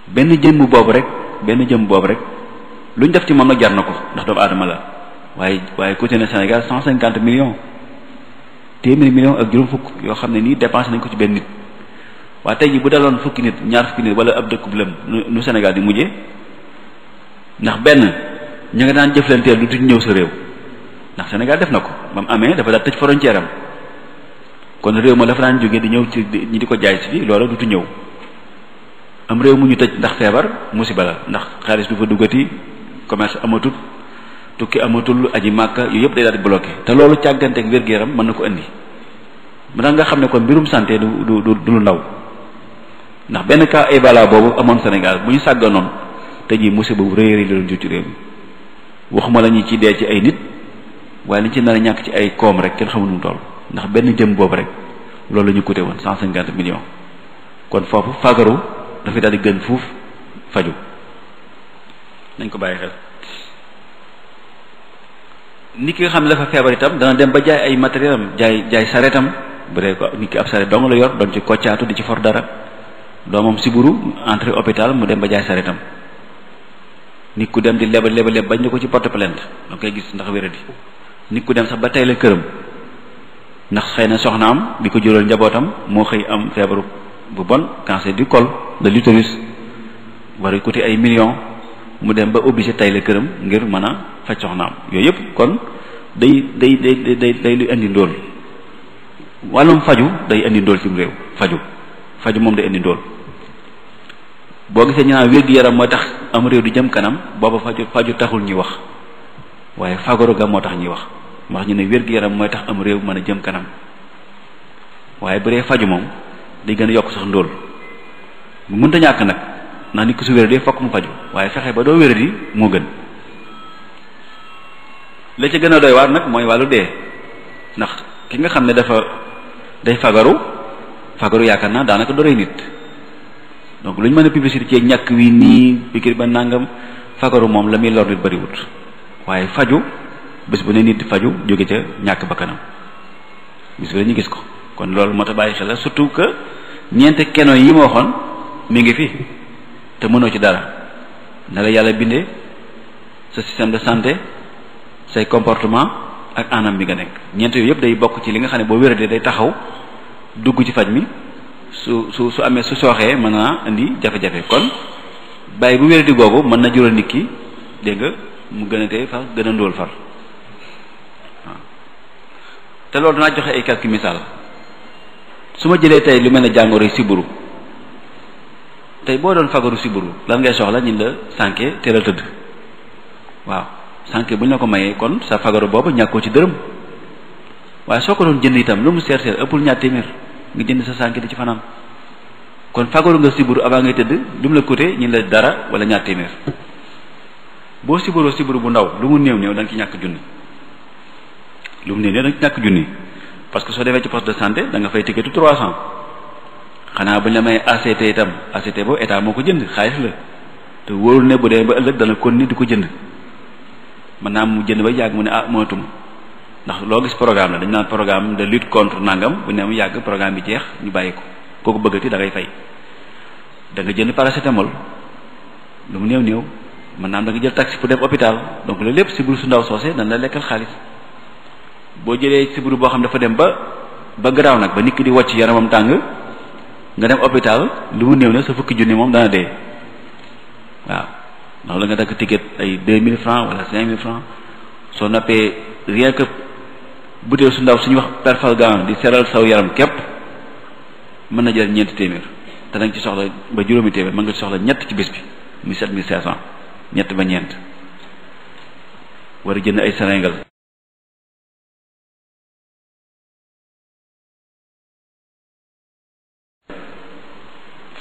B: benn bu boobu rek benn jëmm boobu rek lu ñu def ci moom nag jar na ko ndax doomu aadama la waaye waaye côté na Sénégal cent cinquante millions téeméeri millions ak juróom fukk yoo xam ne nii dépensé nañ ko ci benn nit waaye tey jii bu daloon fukki nit ñaar fukki nit wala ab dëkk bu lëm nu Sénégal di mujjee ndax benn ñu nga daan jëflanteel du tuñ ñëw sa réew ndax Sénégal def na ko ma mu amee dafa daal tëj frontière am kon réew ma dafa daan jógee di ñëw ci ñi di ko jaay si fii loolu du ñëw am réew mu ñu tëj ndax feebar musiba la ndax xaalis du fa duggati commerce tukki amatul aji màkk yooyu yëpp day daal di te loolu càgganteeg wér-gu-yaram mën na ko indi na nga xam ne kon mbirum santé du du du lu ndaw ndax benn cas Ebola boobu amoon Sénégal bu ñu sàgganoon te ji musiba boobu rëy rëy la doon jur ci réew mi waxuma la ñu ci dee ci ay nit waaye liñ ci nar a ñàkk ci ay koom rek kenn xamul nu mu toll ndax benn jëm boobu rek loolu la ñu coûté woon cent cinquante millions kon foofu fagaru dafay daal gën fuuf faju nañ ko bàyyi xel. nit ki xam ne dafa feebar itam dana dem ba jaay ay matériel am jaay jaay sareetam bu dee ko nit ki ab sareet dong la yor doon ci koccaatu di ci for dara doomam siburu entré hôpital mu dem ba jaay sareetam nit ku dem di lebal lebal lebal bañ na ko ci porte plainte da koy gis ndax wéradi nit ku dem sax ba tey la këram ndax xëy na soxnaam bi ko jural njabootam moo xëy am feebaru bu bon cancer du col de l'utérus war a coûter ay millions mu dem ba obligé tay la këram ngir mën a faj soxnaam yooyu yëpp kon day day day day day indi ndóol wàllum faju day indi ndóol ci réew faju faju moom day indi ndóol boo gisee ñu naan wérgu yaram mooy tax am réew jëm kanam booba faju faju taxul ñuy wax waaye fagaru moo tax ñuy wax moo ñu ne wérgu yaram mooy tax am réew mën a jëm kanam waaye bu dee faju moom day gën a yokk sax ndóol bu mënta ñàkk nag ndax nit ku su wéradee fokk mu faju waaye fexe ba doo wéradi moo gën la gën a doy waar nag mooy wàllu dee ndax ki nga xam ne dafa day fagaru fagaru yaakaar naa daanaka dorey nit donc lu ñu mën a publicité ci ñàkk wi nii pikir ba nàngam fagaru moom la muy lor nit bariwut waaye faju bés bu ne nit faju jóge ca ñàkk ba kanam bés bu ne ñu gis ko kon loolu moo tax bàyyi xel la surtout que ñeente keno yi ma waxoon mi ngi fi te mënoo ci dara na la yàlla bindee sa système de santé say comportement ak anam bi nga nekk ñeent yooyu yëpp day bokk ci li nga xam ne boo wéradee day taxaw dugg ci faj mi su su su amee su sooxee mën naa indi jafe-jafe kon bàyyi bu wéradi googu mën na jural nit ki dégg nga mu gën a tee far gën ndóol far te loolu danaa joxe ay quelques misaal su ma jëlee tey lu mel ne jàngoro yi tey boo doon fagaru siburu lan ngay soxla ñun la sànke teral tëdd waaw sànke bu ñu la ko mayee kon sa fagaru boobu ñàkkoo ci dërëm waaye soo ko doon jënd itam lu mu seer seer ëppul ñaar téeméer nga jënd sa sànke di ci fanaan kon fagaru nga siburu avant ngay tëdd lu mu la côté ñun la dara wala ñaar téeméer boo siburoo siburu bu ndaw lu mu néew néew da ci ñàkk junni lu mu néew néew da ci ñàkk junni parce que soo demee ci poste de santé da nga fay ticket 300. xanaa bu ñu la may ACT itam ACT boo état moo ko jënd xaalis la te wóorul ne bu dee ba ëllëg dana kon ni di ko jënd mën mu jënd ba yàgg mu ne ah moytuma ndax loo gis programme la dañu naan programme de lutte contre nangam bu ñu mu yàgg programme bi jeex ñu bàyyi ko kooku bëggati da ngay fay da nga jënd paracétamol lu mu néew néew mën naa da nga jël taxi pour dem hôpital donc loolu lépp sibbiru su ndaw soosé dañ la lekkal xaalis boo jëlee sibbiru boo xam dafa dem ba ba garaaw nag ba nit ki di wàcc yaramam tàng nga dem hôpital lu mu néew ne sa fukki junni moom dana dee waaw ndax la nga dagg ticket ay deux mille francs wala cinq mille francs soo nappee rien que butéel su ndaw suñu wax perfalgan di seral saw yaram képp mën na jël ñeenti téeméer te da ci soxla ba juróomi téeméer mën nga ci soxla ñett ci bis bi muy sept mille cinq cent ñett ba ñeent war a jënd ay seringal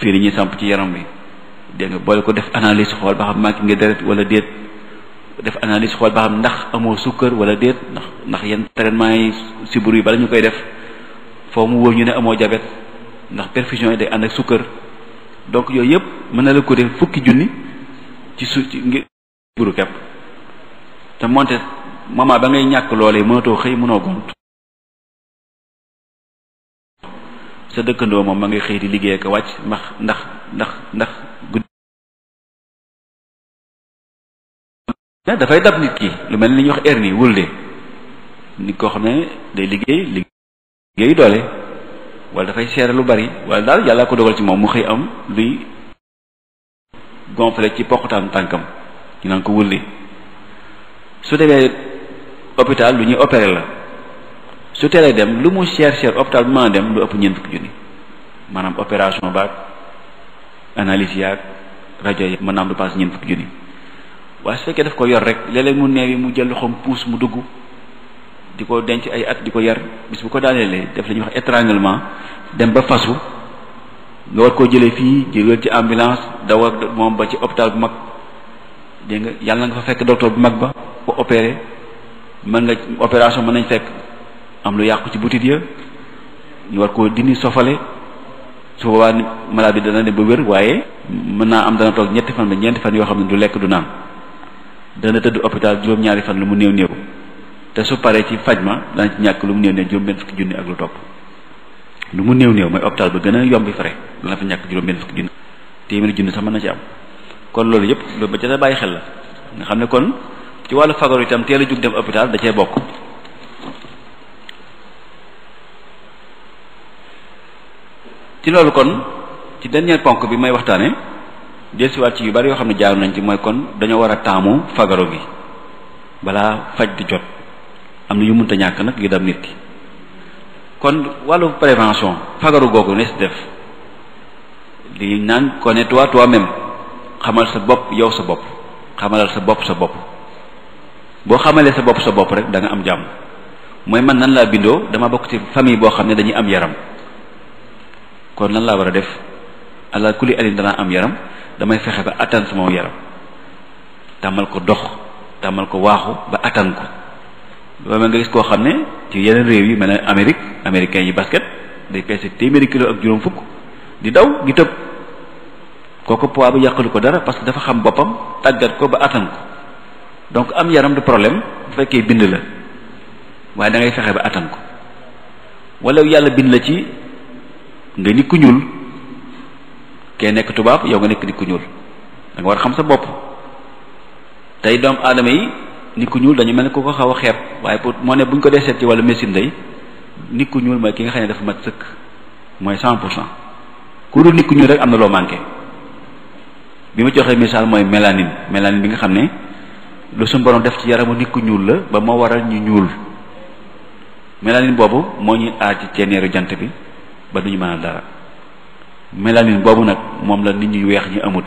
B: fii ñuy samp ci yaram wi dégg nga boole ko def analyse xool ba xam manqué nga deret wala déet def analyse xool ba xam ndax amoo sukkar wala déet ndax ndax yenn traitement yi siburu yi bala ñu koy def foo mu wóor ñu ne amoo jabet ndax perfusion yi day ànd ak sukkar donc yooyu yëpp mën na la ko def fukki junni ci su ci ngir siburu kepp te moonte moment ba ngay ñàkk loolee mënatoo xëy mënoo gont sa dëkkandoo moom a ngi xëy di liggéey ak wàcc ndax ndax ndax ndax guddi dafay dab nit ki lu mel ni ñuy wax hernie wulde nit koo xam ne day liggéey liggéey doole wala dafay seere lu bari wala daal yàlla ko dogal ci moom mu xëy am luy gonfle ci poqutaan tànkam ñu naan ko wulde su demee hôpital lu ñuy opéré la su teree dem lu mu cher cher hôpital bu ma dem lu ëpp ñeent fukki junni maanaam opération baag analyse yaag rajo yi mën naa am lu paas ñeent daf ko yor rek léeg-léeg mu mu jël loxoom puus mu dugg di ko denc ay at di ko yar bis bu ko daaneelee def lañuy wax étranglement dem ba fasu nga war koo jëlee fii jëlal ci ambulance daw ak moom ba ci hôpital bu mag dégg nga yàlla nga fa fekk docteur bu mag ba ko mën nga opération mën nañ fekk am lu yàqu ci butit ya ñu war koo dindi sofale su boobaa malade bi dana dem ba wér waaye mën naa am dana toog ñetti fan ba ñeenti fan yoo xam ne du lekk du naan dana tëdd hôpital juróom-ñaari fan lu mu néew néew te su paree ci faj ma dana ci ñàkk lu mu néew néew juróom-benn fukki ak lu topp lu mu néew néew mooy hôpital ba gën a yombi fare dana fa ñàkk juróom-benn fukki junni téeméeri junni sax mën na ci am kon loolu yëpp ba ca bàyyi xel la nga xam ne kon ci wàllu fagaru itam teel a jug dem da cee bokk ci loolu kon ci dernier ponk bi may waxtaane delsiwaat ci yu bari yoo xam ne jaaru nañ ci mooy kon dañoo war a taamu fagaro gi balaa faj di jot am na yu mënta ñàkk nag yu dam nit ki kon wàllu prévention fagaru googu ne si def li naan connais-toi toi-même xamal sa bopp yow sa bopp xamalal sa bopp sa bopp boo xamalee sa bopp sa bopp rek da am jàmm mooy man nan laa bindoo dama bokk ci famille boo xam ne dañuy am yaram kon lan laa war a def ala kulli alin danaa am yaram damay fexe ba attan sama yaram tàmmal ko dox tàmmal ko waaxu ba attan ko ba ma nga gis koo xam ne ci yeneen réew yi mel ne Amérique américain yi basket day peese téeméeri kilo ak juróom fukk di daw di tëb kooku poids bi yàqalu ko dara parce que dafa xam boppam tàggat ko ba attan ko donc am yaram du problème bu fekkee bind la waaye da fexe ba attan ko wala yàlla bind la ci nga nikku ñuul kee nekk tubaab yow nga nekk nit ñuul da war a xam sa bopp tey doomu aadama yi nit ñuul dañu mel ne ko ko xaw a xeeb waaye pour moo ne bu ñu ko dee seet ci wàllu médecine day nit ku ñuul mooy ki nga xam ne dafa mat sëkk mooy cent pour cent ku dul nit ñuul rek am na loo manqué bi ma joxee misaal mooy mélanine mélanine bi nga xam ne lu suñu borom def ci yaramu nit ku ñuul la ba moo waral ñu ñuul mélanine boobu moo ñuy aar ci ceeneeru jant bi ba duñu mën a dara mélanine boobu nag moom la nit ñuy weex ñu amut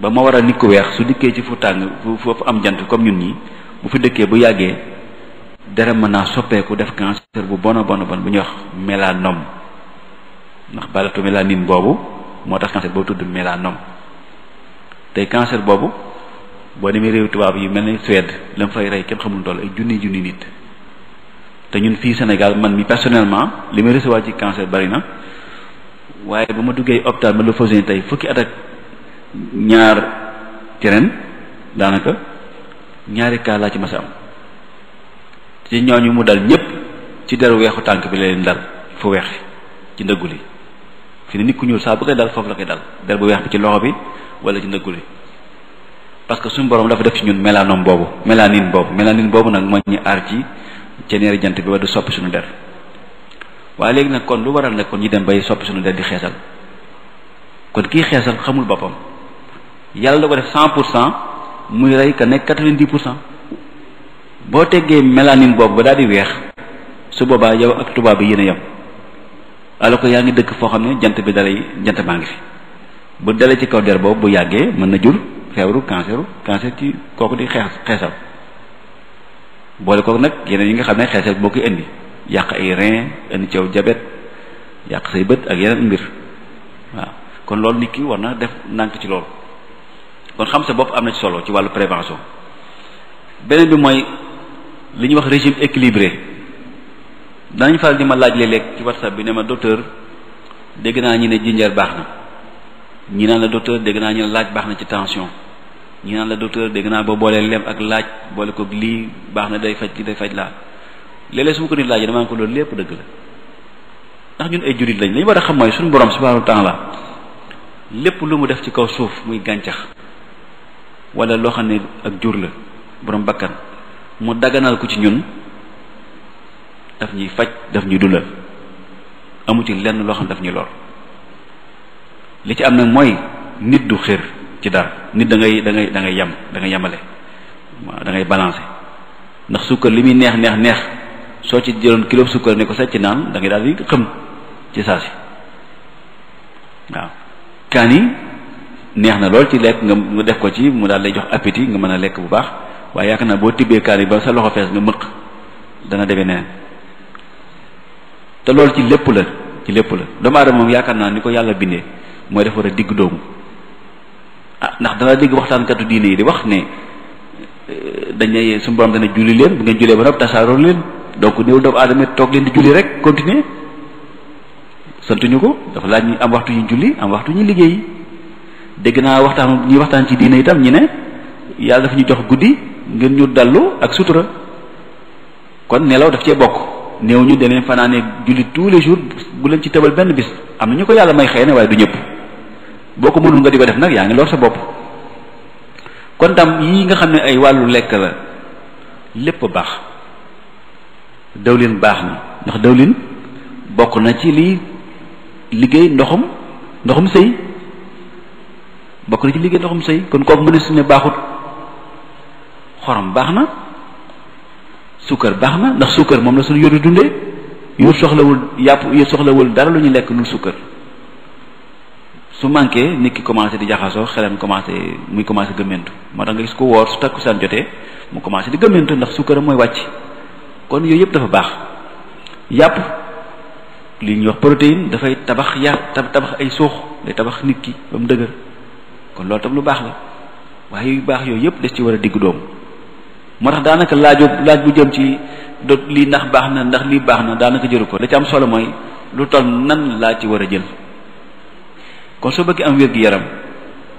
B: ba ma waral nit ku weex su dikkee ci fu tàng foofu am jant comme ñun ñi bu fi dëkkee bu yàggee dara mën naa soppeeku def cancer bu bon bon bon bu ñuy wax mélanome ndax balatu mélanine boobu moo tax cancer boo tudd mélanome tey cancer boobu boo demee réew tubaab yi mel ni Suède la mu fay rey kenn xamul toll ay junni junni nit te ñun fii Sénégal man mi personnellement li may recevoir ci cancer bari na waaye ba ma duggee hôpital ma la fausine tey fukki at ak ñaar ci daanaka ñaari cas laa ci mas si am ci ñooñu mu dal ñépp ci deru weexu tànk bi la leen dal fu weex ci ndëggu li fi ne nit ku ñuul saa bu koy dal foofu la koy dal der bu weex bi ci loxo bi wala ci ndëggu li parce que suñu borom dafa def ci ñun mélanome boobu mélanine boobu mélanine boobu nag moo ñu aar ci ceneeri jant bi ba du soppi suñu der waaye léegi nag kon lu waral nag kon ñu dem bay soppi suñu der di xeesal kon kii xeesal xamul boppam yàlla da ko def cent pour cent rey ka nekk quatre-vingt-dix pour cent boo tegee mélanine boobu ba daal di weex su boobaa yow ak tubaab bi yéen a yem alors yaa ngi dëkk foo xam ne jant bi dalay jant baa ngi fi bu dalee ci kaw der boobu bu yàggee mën na jur feebaru cancer cancer ci kooku di xees xeesal boole kook nag yeneen yi nga xam ne xeesal boo koy indi yàq ay rein indi ci aw jabet yàq say bët ak yeneen mbir waaw kon loolu nit ki war na def nànk ci loolu kon xam sa bopp am na solo ci wàllu prévention beneen bi mooy li ñuy wax régime équilibré danañ faral di ma laaj léeg lekk ci whatsapp bi ne ma docteur dégg naa ñi ne jinjeer baax na ñi naan la docteur dégg naa ñu ne laaj baax na ci tension ñu naan la docteur dégg naa boo boolee lem ak laaj boole ko lii baax na day faj ci day faj laa léeg su ma ko nit laajee damaa ko loolu lépp dëgg la ndax ñun ay jullit lañ li ñu war a xam mooy suñu borom subhanahu wa taala lépp lu mu def ci kaw suuf muy gàncax wala loo xam ne ak jur la borom bakkan mu daganal ko ci ñun daf ñuy faj daf ñuy dundal amu ci lenn loo xam ne daf ñuy lool li ci am nag mooy nit du xër ci dara nit da ngay da dangay da yem da yemale waaw da ngay ndax sukkar li muy neex neex neex soo ci jëloon kilo sukkar ne ko ci naan dangay ngay daal xëm ci saa si waaw kaani neex na lool ci lekk nga def ko ci mu daal lay jox appétit nga mën a lekk bu baax waaye yaakaar naa boo tibbee kaani ba sa loxo fees nga mëq dana deme neneen te loolu ci lépp la ci lépp la doomu aadama moom yaakaar naa ni ko yàlla bindee mooy dafa war a digg doomu ah ndax dana dégg waxtaankatu diine yi di wax ne eh, dañ ne suñu borom dana julli leen bu ngeen jullee ba noppi tasaaroo leen donc néew doomu aadama leen di julli rek continuer santuñu ko dafa laaj ñu am waxtu ñu julli am waxtu ñu liggéey dégg naa waxtaan ñuy waxtaan ci diine itam ñi ne yàlla dafa ñu jox guddi ngeen ñu dallu ak sutura kon nelaw daf cee bokk néew ñu deneen fanaanee julli tous les jours bu leen ci tëbal benn bis am na ñu ko yàlla may xëy na waaye du ñëpp boo ko mënul nga di ko def nag yaa ngi lor sa bopp kon tam yii nga xam ne ay wàllu lekk la lépp baax dawlin baax na ndax dawlin bokk na ci lii liggéey ndoxum ndoxum sëy bokk na ci liggéey ndoxum sëy kon kooku mën ne su ne baaxut xorom baax na suukar baax na ndax suukar moom na su yóru dundee yu soxlawul yàpp yu soxlawul dara lu ñu lekk lu suukar su manqué nit ki commencé di jaxasoo xelam commencé muy commencé gëmmentu moo tax nga gis ko woor su takkusaan jotee mu commencé di gëmmentu ndax sukkaram mooy wàcc kon yooyu yëpp dafa baax yàpp li ñuy wax protéine dafay tabax yàpp tabax ay suux day tabax nit ki ba mu dëgër kon loolu tam lu baax la waaye yu baax yooyu yëpp des ci war a diggu doom moo tax daanaka laaju laaj bu jëm ci dot lii ndax baax na ndax lii baax na daanaka jëru ko la ci am solo mooy lu toll nan laa ci war a jël kon soo bëggee am wér-gu-yaram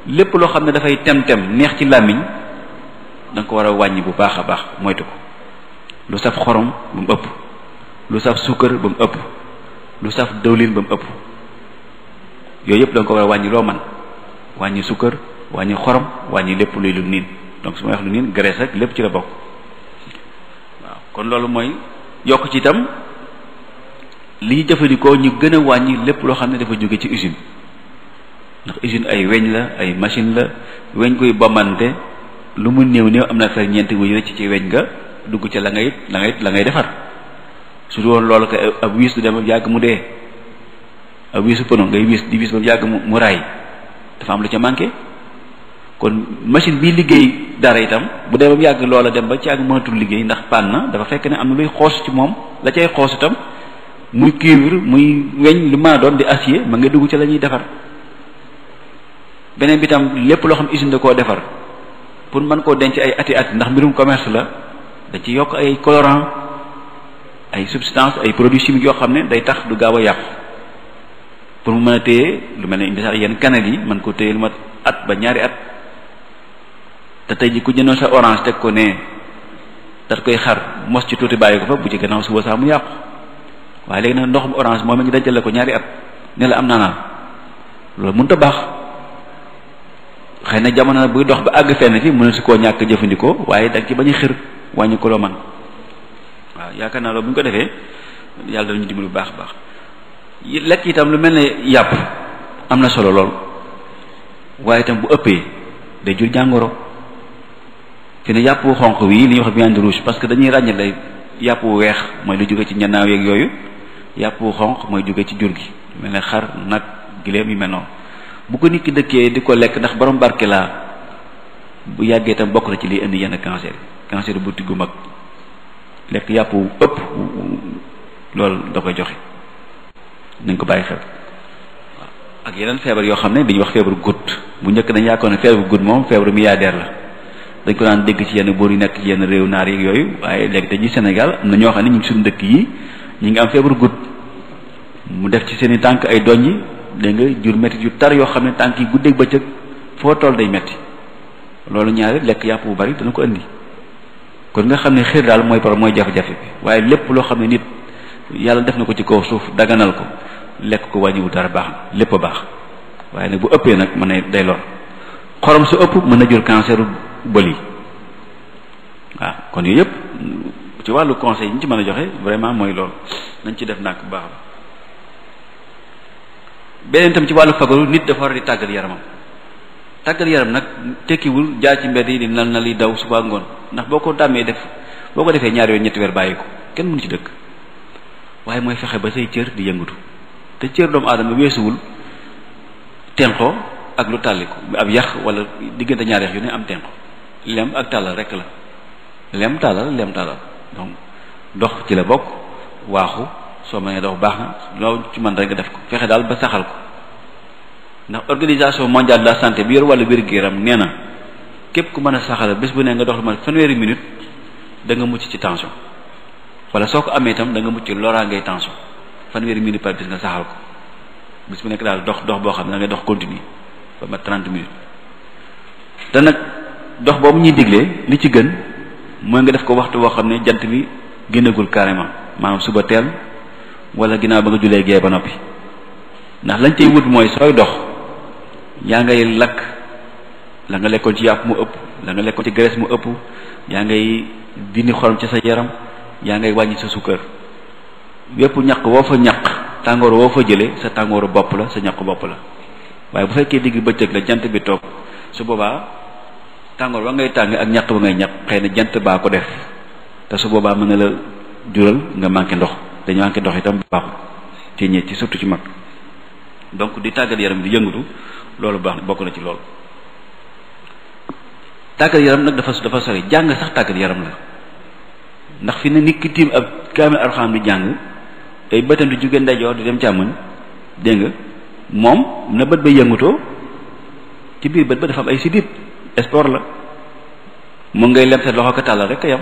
B: lépp loo xam ne dafay tem-tem neex ci làmmiñ da ko war a wàññi bu baax a baax moytu ko lu saf xorom ba mu ëpp lu saf suukar ba mu ëpp lu saf dëwlin ba mu ëpp yooyu yëpp da ko war a wàññi loo man wàññi suukar wàññi xorom wàññi lépp luy lu niin donc su ma wax lu niin graisse rek lépp ci la bokk waaw kon loolu mooy yokk ci itam li ñu jëfandikoo ñu gën a wàññi lépp loo xam ne dafa jóge ci usine ndax usine ay weñ la ay machine la weñ koy bamante lu mu néew néew am na fa ñeenti wuñu rëcc ci weñ nga dugg ca la ngay la ngay la ngay defar su woon loolu ko ab wiis du dem yàgg mu dee ab wiisu pëno ngay wiis di wiis ba yàgg mu mu raay dafa am lu ca manqué kon machine biy liggéey dara itam bu dee ba mu yàgg loola dem ba ci àgg mënatul liggéey ndax paan na dafa fekk ne am na luy xoos ci moom la cay xoos itam muy cuivre muy weñ lu mën a doon di acier ma nga dugg ca la ñuy defar beneen bi tam lépp loo xam usine da koo defar pour mën koo denc ay ati at ndax mbirum commerce la da ci yokk ay colorant ay substance ay produits chimiques yoo xam ne day tax du gaaw a yàqu pour mu mën a téye lu mel ne indi sax yenn kanel yi mën ko téye lu mat at ba ñaari at te tey ji ku jëndoon sa orange teg ko ne dat koy xar mos ci tuuti bàyyi ko fa bu ci gannaaw suba sax mu yàqu waaye léegi nag ndoxum orange moom ma ñu dencal la ko ñaari at ne la am naanaan loolu xëy na jamono buy dox bi àgg fenn fi mënatu koo ñàkk jëfandikoo waaye dag ci bañ a xër wàññi man waaw yaakaar naa loolu bu ñu ko defee yàlla dañu dimbali bu baax a baax lekk itam lu mel ne yàpp am na solo lool waaye itam bu ëppee day jur jàngoro fi ne yàpp xonq wi li ñuy wax viande rouge parce que dañuy ràññale yàpp wu weex mooy lu jóge ci ñannaaw yeeg yooyu yàpp wu xonq mooy jóge ci jur gi mel ne xar nag giléem yi mel noonu bu ko nit ki dëkkee di ko lekk ndax boroom barke la bu yàggee itam bokk na ci lii indi yenn cancer cancer bu gu mag lekk yàpp wu ëpp loolu da koy joxe nañ ko bàyyi xel ak yeneen feebar yoo xam ne dañu wax feebar goutte bu njëkk nañ yaakaar ne feebar goutte moom feebar milliardaire la dañ ko daan dégg ci yenn boor yi nekk ci yenn réew naar yeeg yooyu waaye léegi dañuy Sénégal am na ñoo xam ne ñu ngi suñu dëkk yi ñu ngi am feebar goutte mu def ci seeni i tànk ay doñ dégg nga jur métti yu tar yoo xam ne tànk yi guddeeg bëccëg foo tool day metti loolu ñaari lekk yàpp bu bari dana ko indi kon nga xam ne xiir daal mooy par mooy jafe-jafe bi waaye lépp loo xam ne nit yàlla def na ko ci kaw suuf daganal ko lekk ko wàññiwu dara baax na lépp a baax waaye nag bu ëppee nag mën na day lool xorom su ëpp mën na jur canceru bël yi waaw kon yooyu yëpp ci wàllu conseil yi ñu ci mën a joxe vraiment mooy lool nañ ci def nak bu baax beneen tam ci wàllu fagaru nit dafa war di tàggal yaramam tàggat yaram nag tekkiwul jaar ci mbedd yi di nal na li daw suba ngoon ndax boo ko dàmmee def boo ko defee ñaari yoon ñetti weer bàyyi ko kenn mënu ci dëkk waaye mooy fexe ba say cër di yëngatu te cër doomu aadama weesuwul tenqo ak lu tàlli ko ab yax wala diggante ñaari yax yu ne am tenqo lem ak tàllal rekk la lem tàllal lem tàllal donc dox ci la bokk waaxu soo mënee def baax na loo ci man rek nga def ko fexe daal ba saxal ko ndax organisation mondiale de la santé bi yor wàllu wér-gu-yaram nee na képp ku mën a saxal bés bu ne nga dox lu ma fanweeri minute da nga mucc ci tension wala soo ko amee itam da nga mucc ci loraa ngay tension fanweeri minute par bés nga ko bés bu nekk daal dox dox boo xam ne da dox continue ba ma 30 minutes nag dox boobu ñuy digle li ci gën mooy nga def ko waxtu woo xam ne jant bi génnagul carrément maanaam suba teel. wala ginnaaw ba nga julee gee ba noppi ndax lañ tey wut mooy sooy dox yaa ngay lakk la nga lekkoon ci yàpp mu ëpp la nga lekkoon ci graisse mu ëpp yaa ngay dindi xorom ci sa yaram yaa ngay wàññi sa sukkër yépp ñaq woo fa ñaq tàngoor woo fa jëlee sa tàngooru bopp la sa ñaqu bopp la waaye bu fekkee digg bëccëg la jant bi toog su boobaa tàngoor ba ngay tàng ak ñaq ba ngay ñaq xëy na jant baa ko def te su boobaa mën na la jural nga manqué ndox dañu ànki dox itam baaxul ci ñe ci surtout ci mag donc di tàggat yaram di yëngatu loolu baax na bokk na ci loolu tàggat yaram nag dafa dafa sori jàng sax tàggat yaram la ndax fi ne nit ki tiim ab kaamil alxam di jàng ay bëtam di jóge ndajoor di dem càmmoñ dégg nga moom na bët ba yëngutoo ci biir bët ba dafa am ay sidit sport la mu ngay lem sa loxo ko tàllal rek a yam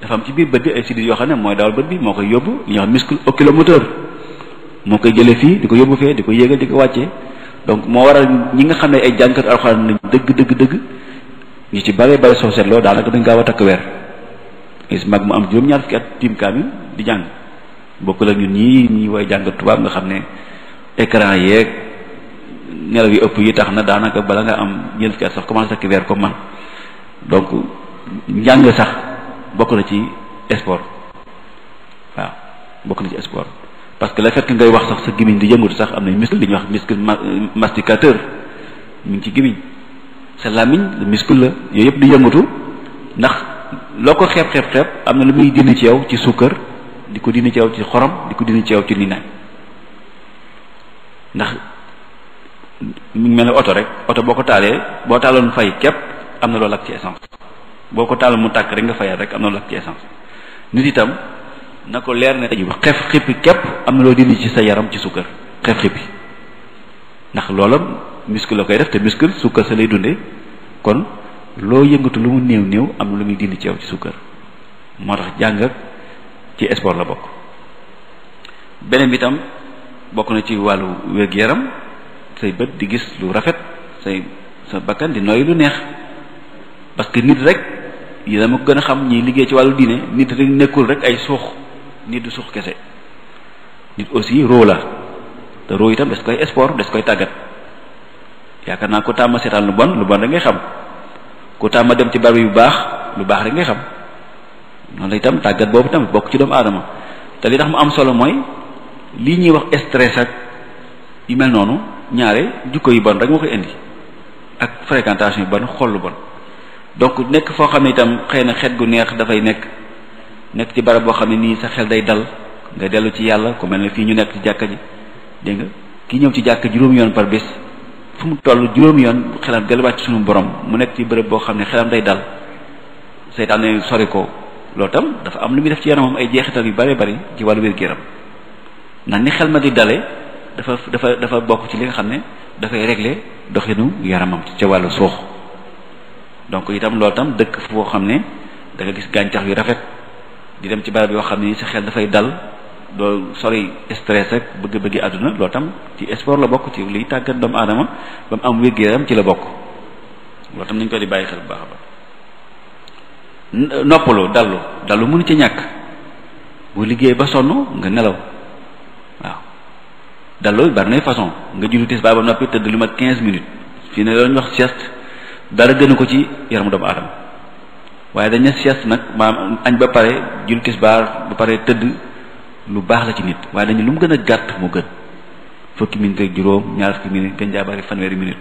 B: dafa am ci biir bët bi ay sidis yoo xam ne mooy dawal bët bi moo koy yóbbu li ñuy wax muscle oculomoteur moo koy jëlee fii di ko yóbbu fee di ko yéegal di ko wàccee donc moo waral ñi nga xam ne ay jànkat alxuraan lañ dëgg dëgg dëgg ñu ci bare bare soo seetloo daanaka dañ gaaw a takk weer gis mag mu am juróom-ñaar fukki at tiim kaamil di jàng bokk la ñun ñii ñi way jàng tubaab nga xam ne écran yeeg nelaw yi ëpp yi tax na daanaka bala nga am ñeent fukki at sax commencé takk weer comme man donc sax bokk na ci sport waaw bokk na ci sport parce que le fait que ngay wax sax sa gémmiñ di yëngatu sax am na muscle li ñuy wax muscle masticateur mi ngi ci gémmiñ sa làmmiñ le muscle la yooyu yëpp di yëngatu ndax loo ko xeeb xeeb xeeb am na lu muy dindi ci yow ci suukar di ko dindi ci ci xorom di ko dindi ci yow ci li ndax mu ngi mel ne oto rek oto boo ko taalee boo taaloon fay képp am na loolu ak ci essence boo ko taal mu tàkk rek nga fayal rek am na lakk ci essence nit itam na ko leer ne tëju xef xippi képp am na loo dindi ci sa yaram ci sukkar xef xippi ndax loola muscle la koy def te muscle sukkar sa lay dunde kon loo yëngatu lu mu néew néew am na lu muy dindi ci yow ci sukkar moo tax jàngat ci sport la bokk beneen bi itam bokk na ci wàllu wér-gu-yaram say bët di gis lu rafet say sa bakkan di nooy lu neex parce que nit rek yi dama gën a xam ñi liggéey ci wàllu diine nit rek nekkul rek ay suux nit du suux kese nit aussi roo la te roo itam des koy sport des koy tàggat yaakaar naa ku tàmm seetaan lu bon lu bon rek ngay xam ku tàmm dem ci barab yu baax lu baax rek ngay xam noonu la itam tàggat boobu itam bokk ci doomu aadama te li tax mu am solo mooy lii ñuy wax stress ak yu mel noonu ñaare jukko yu bon rek moo koy indi ak fréquentation yu bon xol lu bon donc nekk foo xam ne itam xëy na xet gu neex dafay nekk nekk ci barab boo xam ne nii sa xel day dal nga dellu ci yàlla ku mel ne fii ñu nekk ci jàkka ji dégg nga ki ñëw ci jàkka juróom yoon par bés fu mu toll juróom yoon xelam delluwaat ci suñu borom mu nekk ci bërëb boo xam ne xelam day dal seytaane sori ko loo tam dafa am lu muy def ci yaramam ay jeexital yu bari bari ci wàllu wér-gu-yaram ndax ni xel ma di dale dafa dafa dafa bokk ci li nga xam ne dafay régler doxinu yaramam ca wàllu suux donc itam loo tam dëkk foo xam ne danga nga gis gàncax yu rafet di dem ci barab yoo xam ne sa xel dafay dal doo sori stress rek bëgg-bëggi àdduna loolu tam ci sport la bokk ci li tàggat doomu aadama ba mu am wér gu ci la bokk loo tam nañ ko di bàyyi xel bu baax a baax noppalu dallu dallu mënu ci ñàkk boo liggéey ba sonn nga nelaw waaw dallu bari nay façon nga julli tisbaar ba noppi tëdd lu ma quinze minutes fii ne loolu ñu wax dara gënu ko ci yaramu doomu aadama waaye dañ ne sieste nag maam añ ba pare jul tisbaar ba pare tëdd lu baax la ci nit waaye dañu lu mu gën a gàtt moo gën fukki minute ak juróom ñaar fukki minute gën jaa bari fanweeri minute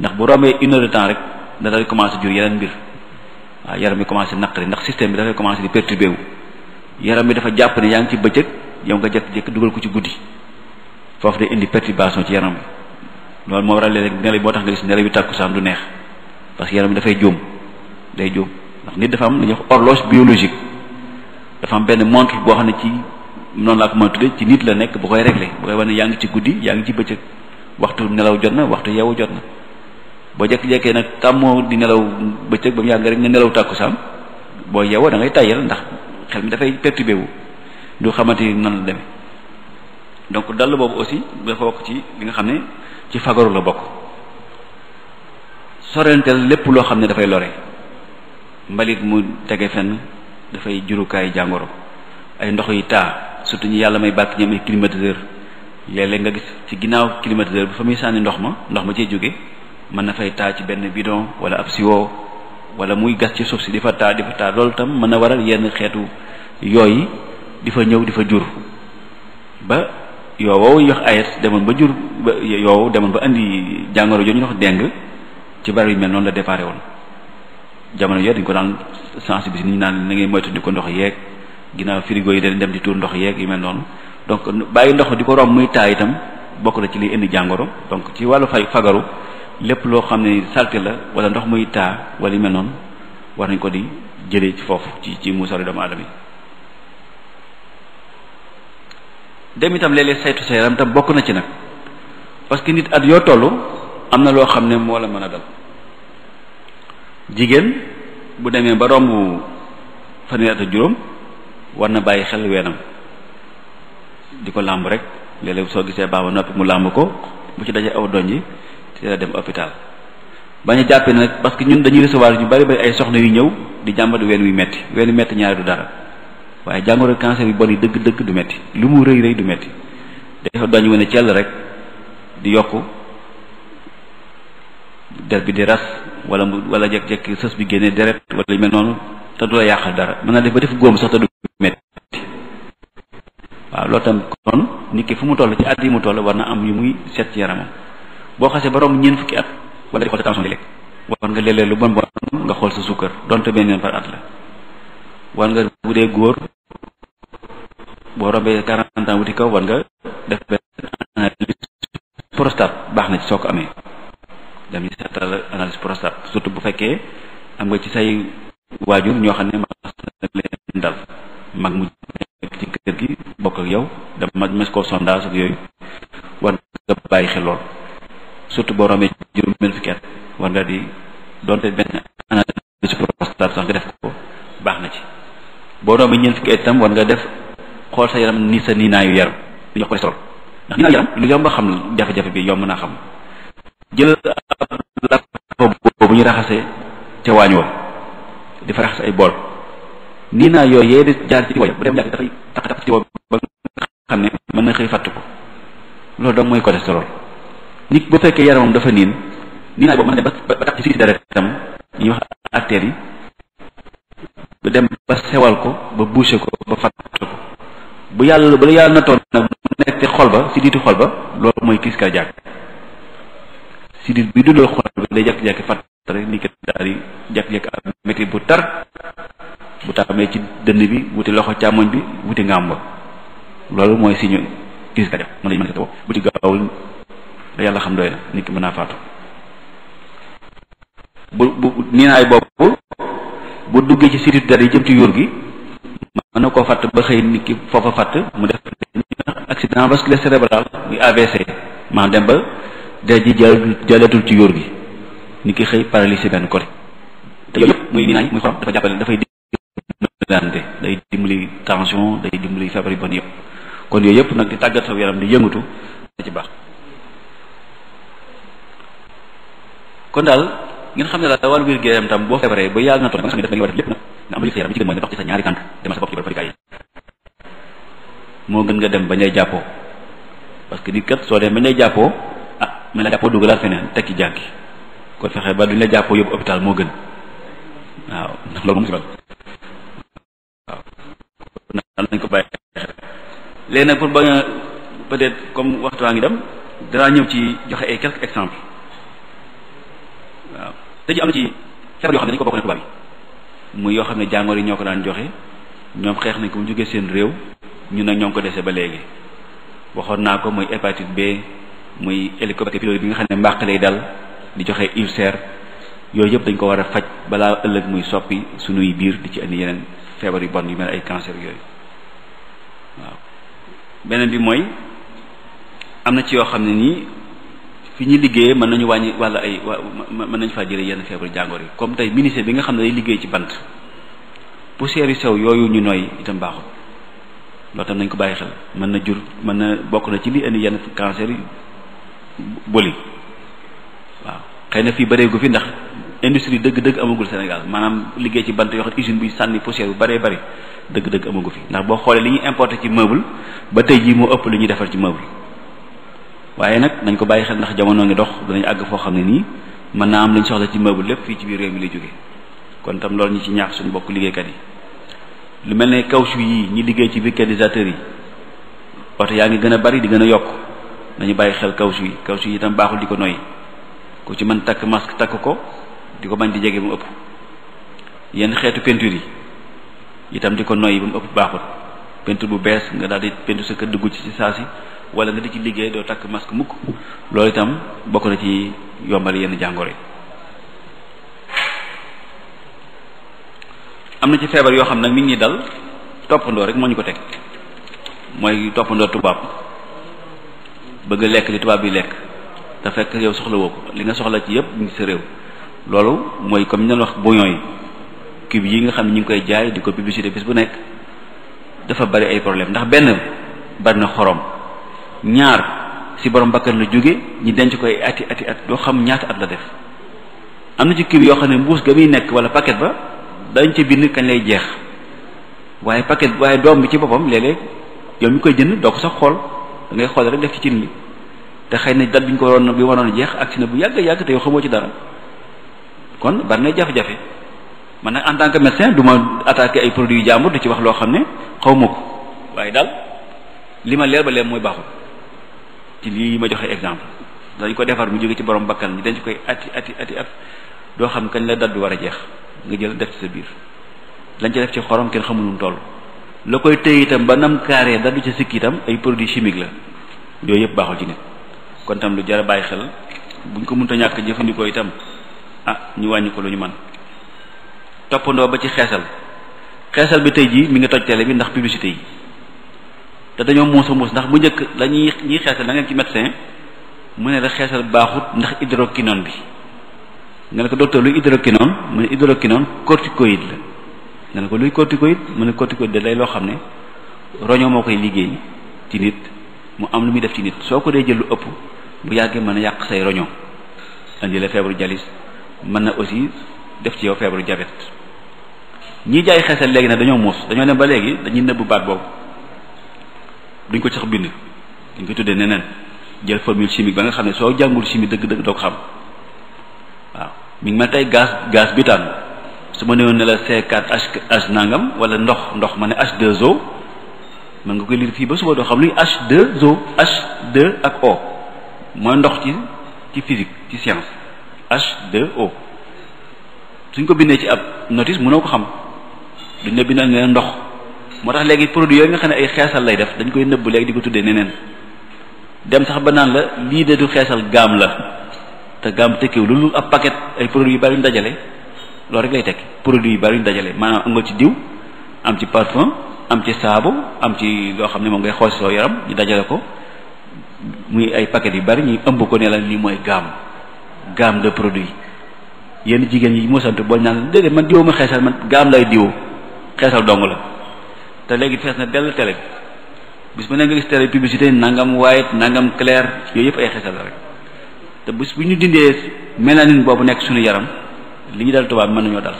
B: ndax bu romee une heure rek da lay commencé jur yeneen mbir waaw yaram bi commencé naqari ndax système bi dafay commencé di perturbé yaram bi dafa jàpp ne yaa ngi ci bëccëg yow nga jekk-jekk dugal ko ci guddi foofu day indi ci yaram bi loolu moo waral léeg-léeg nelaw moo tax nga gis nelaw bi tàkkusaan du neex parce que yaram bi dafay juum day juum ndax nit dafa am lu ñuy wax horloge biologique dafa am benn montre boo xam ne ci noonu laa ko mën tudde ci nit la nekk bu koy réglé bu koy wax ne yaa ngi ci guddi yaa ngi ci bëccëg waxtu nelaw jot na waxtu yeewu jot na boo jekk-jekkee nag tàmmoo di nelaw bëccëg ba mu yàgg rek nga nelaw tàkkusaan boo yeewoo da ngay tàyyal ndax xel mi dafay perturbé wu du xamante ni nan la demee donc dal boobu aussi dafa bokk ci li nga xam ne ci fagaru la bokk sorenteel lépp loo xam ne dafay lore mbalit mu tege fenn dafay jurukaay jàngoro ay ndox yi taa surtout ñu yàlla may bàkk ñoom ay climatiseur léeg nga gis ci ginnaaw climatiseur bi fa muy sànni ndox ma ndox ma cee jóge mën na fay taa ci benn bidon wala ab siwo wala muy gas ci suuf si di fa taa di fa taa loolu tam mën na waral yenn xeetu yooyu di fa ñëw di fa jur ba yoo woowu ñu wax ayes demoon ba jur ba yoowu demoon ba indi jàngoro jooju ñu wax deng ci bari yu mel noonu la déparé woon jamono yooyu dañ ko daan sensibiliser nit ñi naan na ngay moytu di ko ndox yeeg ginnaaw frigo yi dañ dem di tuur ndox yeeg yi mel noonu donc bàyyi ndox di ko romb muy taa itam bokk na ci liy indi jàngoro donc ci wàllu fay fagaru lépp loo xam ne salté la wala ndox muy taa wala yu mel war nañ ko di jëlee ci foofu ci ci musaru doomu aadama yi dem léeg-léeg saytu sa bokk na ci nag parce que nit at yoo toll am na loo xam ne moo la mën a dal jigéen bu demee ba romb fanweer at juróom war na bàyyi xel weenam di ko làmb rek léeg soo gisee baax ba noppi mu làmb ko bu ci dajee aw doñ yi te la dem hôpital bañ a jàppee nag parce que ñun dañuy recevoir ñu bari bari ay soxna yu ñëw di jàmbat ween wi metti ween wi metti ñaari du dara waaye jàngoro cancer yu bon yi dëgg dëgg du metti lu mu rëy rëy du metti dafa doñ wu ne cell rek di yokku der bi di ras wala mu wala jekk-jekk sës bi génnee deret wala yu mel noonu te du la yàqal dara mën naa def ba def góom sax te du metti waaw loolu tam kon nit ki fu mu toll ci at yi mu toll war na am yu muy seet ci yaramam boo xasee ba romb ñeent fukki at wala war nga léeg lu bon bon nga xool sa sukkar donte benn yoon par at la war nga bu dee góor boo rombee quarante wuti kaw war nga def benn baax na ci soo ko amee dañuy seetal analyse surtout bu fekkee am nga ci say waajur ñoo xam ne mas mag mu nekk ci kër gi bokk ak yow dama mes ko sondage ak yooyu war nga bàyyi xel lool surtout boo romee juróom benn fukki at war nga di doonte benn analyse prostate sax ko baax na ci boo romee ñeent fukki at itam war nga def xool sa yaram ni sa nii naayu yaram li ñu lu yomb a xam jafe-jafe bi yomb naa xam jël bu ñu raxasee ca waañ wa di fa raxas ay bool nii naa yooyu yee di jaar ci wàll bu dem jàkk dafay tax tax ci wàll ba nga xam ne mën na xëy fàttu ko loolu donc mooy cholestérol nit bu fekkee yaramam dafa niin nii naa boobu mën na dem ba ba tax sewal ko ba bouché ko ba fàttu ko bu yàlla bu la yàlla nattoon nag mu nekk xol ba si xol ba loolu mooy crise cardiaque si diit bi dundal xol bi day jékki-jékki fàtt te rek nit daal di jékki-jékki ak métti bu tar bu taxamee ci dënn bi wuti loxo càmmoñ bi wuti ngàmb loolu mooy signe iskaja mën nañu a tawoo bu ci yàlla xam doy na nit ki mën bu bu nii naay boobu bu duggee ci koo fàtt ba xëy nit foofa fàtt mu def accident vasculaire cérébral muy AVC maanaam dem ji jàllatul ci yóor gi ni ki xëy paralysé benn côté te yooyu yëpp muy niinaay muy xorom dafa jàppale dafay dimbalante day dimbali tension day dimbali feebar yu bon yëpp kon yooyu yëpp nag di tàggat sa yaram di yëngatu da ci baax daal ngeen xam ne daal wàllu wér gu yaram boo feebaree ba yàlla na toog a sa yaram ci gën mooy nga dox ci sa ñaari tànk demal sa bopp ci moo gën nga dem ba ay jàppoo parce que nit kat soo dem bañ ay jàppoo ah mel na jàppoo dugalaat feneen tekki jàngi ko fexe ba duñ la jàppoo yóbbu hôpital moo gën waaw ndax loolu moom waaw nañ ko bàyyi xel léegi nag pour bañ a peut-être comme waxtu waa ngi dem danaa ñëw ci joxe ay quelques exemple waaw te ji am na ci feebar yoo xam ko bokk ne muy yoo xam ne jàngoor yi ñoo ko daan joxe ñoom xeex nañ ko mu jógee seen réew ñu nag ñoo ko dese ba léegi waxoon naa ko muy hépatite B muy hélicobacter pylori bi nga xam ne mbàq lay dal di joxe ulcère yooyu yëpp dañ ko war a faj balaa ëllëg muy soppi suñuy biir di ci indi yeneen feebar yu bon yu mel ay cancer yooyu waaw beneen bi mooy am na ci yoo xam ne nii fi ñu liggéeyee mën nañu wàññi walla ay mën nañu faa jëlee yenn feebar jàngoor yi comme tey ministère bi nga xam ne day liggéey ci bant poussière yu sew yooyu ñu nooy itam baaxul loolu tam nañ ko bàyyi xel mën na jur mën na bokk na ci li indi yenn cancer yi boli xëy na fii bareegu fi ndax industrie dëgg-dëgg amagul Sénégal maanaam liggéey ci bant yoo xam usine bi sànni poussière bu baree bari dëgg-dëgg amagu fi ndax boo xoolee li ñuy importé ci meuble ba tey jii moo ëpp li ñuy defar ci meuble waaye nag nañ ko bàyyi xel ndax jamono ngi dox danañ àgg foo xam ne nii mën naa am lañ soxla ci meuble lépp fii ci biir réew mi lay jógee kon tam loolu ñi ci ñaax suñ bokk liggéeykat yi lu mel ne caoutchouc yi ñi liggéey ci vulcanisateur yi oto yaa ngi gën a bari di gën a yokk nañu bàyyi xel caoutchouc yi caoutchouc yi itam baaxul di ko noyyi ku ci man takk masque takk ko di ko bañ di jege ba mu ëpp yenn xeetu peinture yi itam di ko noyyi ba mu ëpp baaxul peinture bu bees nga daal di peinture sa kër dugg ci si saa si wala nga di ci liggéey doo takk masque mukk loolu itam bokk na ci yombal yenn jàngoro yi am na ci feebar yoo xam nag mi ngi ñuy dal toppandoo rek moo ñu ko teg mooy toppandoo tubaab bëgg lekk li tubaab bi lekk te fekk yow soxla woo ko li nga soxla ci yëpp mu ngi sa réew loolu mooy comme ñu wax bouillon yi cube yi nga xam ne ñu ngi koy jaay di ko publicité bis bu nekk dafa bari ay problème ndax benn bari na xorom ñaar si borom bakkan la jóge ñi denc koy ati ati at doo xam ñaata at la def am na ci cube yoo xam ne mbuus ga muy nekk wala paquet ba dañ ci bind kañ lay jeex waaye paquet waaye doom bi ci boppam léeg-léeg mu mi koy jënd doo ko sax xool ngay xool rek def ci cin te xëy na date bi ñu ko waroon bi waroon jeex agsi na bu yàgg yàgg te yow xamoo ci dara kon bari na jafe-jafe man nag en tant que médecin du ma attaqué ay produits jàmbur di ci wax loo xam ne xaw ma ko waaye daal li ma leer ba leer mooy baaxul ci lii ma joxe exemple dañ ko defar mu jóge ci borom bakkan ñi dañ koy ati ati ati at doo xam kañ la date bi war a jeex nga jël def ci sa biir lañ ci def ci xorom kenn xamul nu toll la koy téye itam ba nam carré dadu ca sikki itam ay produits chimiques la yooyu yëpp baaxul ci kon tam lu jar a bàyyi xel buñ ko mënta ñàkk jëfandikoo itam ah ñu wàññi ko lu ñu man toppandoo ba ci xeesal xeesal bi tey jii mi ngi toj télé bi ndax publicité yi te dañoo muus a muus ndax bu njëkk la ñuy ñiy xeesal da ngeen ci médecin mu ne la xeesal baaxut ndax hydroquinone bi nga ne ko docteur luy hydroquinone mu ne hydroquinone corticoïde la nga ne ko luy corticoïde mu ne corticoïde da lay loo xam ne roño moo koy liggéey ci nit mu am lu muy def ci nit soo ko dee jël ëpp bu yàggee ma a yàq say roño indi la feebaru jalis mën na aussi def ci yow feebaru jabet ñi jaay xesal léegi nag dañoo muus dañoo ne ba léegi dañuy nëbb baat boobu duñ ko sax bind dañ ko tuddee neneen jël formule chimique ba nga xam ne soo jàngul chimie dëgg-dëgg doo ko xam waaw mi ngi mel tey gaz gaz butane su ma newoon ne la C4H nangam wala ndox ndox ma ne H2O mën nga koy lire fii ba suba doo xam luy H2O H2 ak O mooy ndox ci ci physique ci science H2O suñ ko bindee ci ab notice mënoo ko xam duñ la bindal ne ndox moo tax léegi produit yooyu nga xam ne ay xeesal lay def dañ koy nëbbu léegi di ko tuddee neneen dem sax ba naan la lii de du xeesal gaam la te gaam tekkiw lu ab paket ay produits yu bari dajale loolu rek lay tekki produit yu bari dajale maanaam am nga ci diw am ci parfum am ci saabu am ci loo xam ne moom ngay xool soo yaram ñu dajale ko muy ay paquet yu bari ñu ëmb ko ne la lii mooy gamme gamme de produit yenn jigéen yi moo sant boo naan déedéet man diwoo ma xeesal man gamme lay diw xeesal dong la te léegi fees na dell télé bis bu ne nga gis télé publicité nangam white nangam clair yooyu yëpp ay xeesal la rek te bis bu ñu dindee mélanine boobu nekk suñu yaram li ñu dal tubaab mën nañoo dal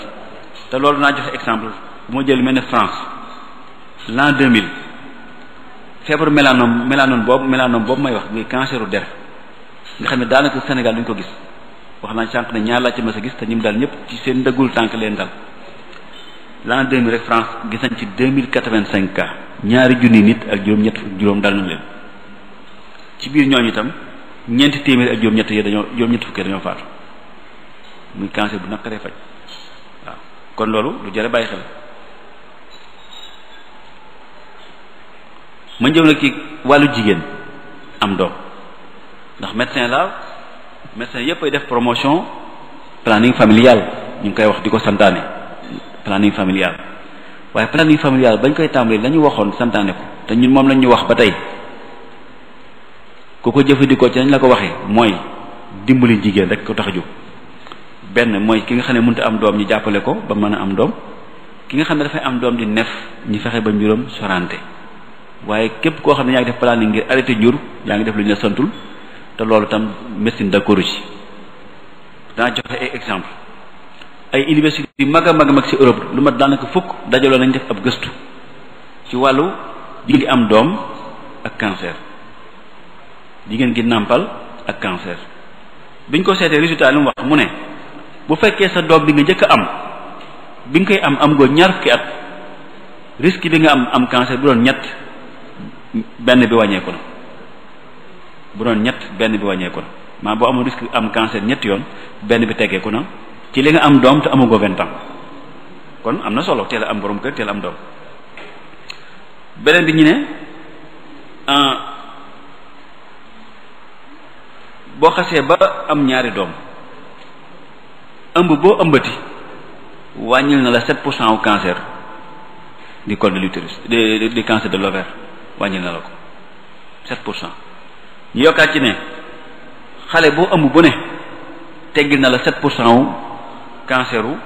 B: te loolu naa joxe exemple bu ma jël mel ne France l'an mille feebaru mélanome mélanome boobu mélanome boobu may wax muy canceru der nga xam ne daanaka Sénégal duñ ko gis wax naa sànq ne ñaar laa ci mës a gis te ñim daal ñëpp ci seen ndëggul tànk leen dal l'an 2000 rek France gis nañ ci 2085 cas ñaari junni nit ak juróom-ñett juróom dal na ci biir ñooñu itam ñeenti téeméeri ak juróom-ñett yi dañoo juróom-ñett fukki dañoo faatu muy cancer bu naqaree faj waaw kon loolu lu jar bàyyi xel. ma jëm kii ci wàllu jigéen am doom ndax médecin la médecin yépp ay def promotion planning familial ñu ngi koy wax di ko santaane planning familial waaye planning familial bañ koy tàmbali la waxoon santaane ko te ñun moom lañ ñu wax ba tey ku ko jëfandikoo ci lañ la ko waxee mooy dimbali jigéen rek ko tax a jóg benn mooy ki nga xam ne mënut am doom ñu jàppale ko ba mën a am doom ki nga xam ne dafay am doom di nef ñu fexe ba mbiram sorante waaye képp koo xam ne yaa ngi def planning ngir arrité jur yaa ngi def lu ñu la santul te loolu tam médecine d'accord ci danaa joxe ay exemple ay université yu mag a mag a mag ci Europe lu mat daanaka fukk dajaloo nañu def ab gëstu ci wàllu jigéen gi am doom ak cancer jigéen gi nàmpal ak cancer biñ ko seetee résultat lu mu wax mu ne bu fekkee sa doom bi nga njëkk a am bi nga koy am am goo ñaar fukki at risque bi nga am am cancer bu doon ñett benn bi wàññeeku na bu doon ñett benn bi wàññeeku na maanaam boo amul risque am cancer ñett yoon benn bi teggeeku na ci li nga am doom te amagoo vingt ans kon am na solo teel a am boroom kër teel a am doom beneen bi ñu ne ah, boo xasee ba am ñaari doom ëmb boo ëmbati wàññil na la sept pour cent au cancer du col de di du cancer de l'ovaire wàññi na la ko 7 pour cent ñu yokkaat ci ne xale boo ëmb bu ne teggil na la 7 pour cent wu cancer wu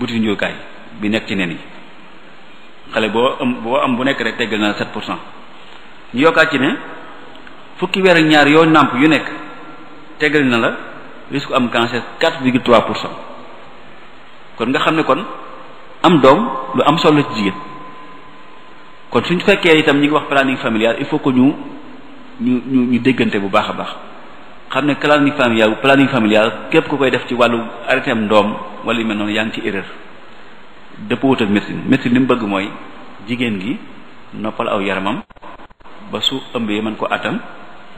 B: buti njuukaay bi nekk ci nen yi xale boo ëmb boo am bu nekk rek teggil na la 7 pour cent ñu yokkaat ci ne fukki weer ak ñaar yoo nàmp yu nekk teggil na la risque am cancer 4 virgule 3 pour cent kon nga xam ne kon am doom lu am solo ci jigéen kon suñ fekkee itam ñi ngi wax planning familial il faut que ñu ñu ñu ñu déggante bu baax a baax xam ne planning familial planning familial képp ku koy def ci wàllu arrêté am ndoom wala yu mel noonu yaa ngi ci erreur dëppoo ak médecine médecine li mu bëgg mooy jigéen gi noppal aw yaramam ba su ëmbee man ko atam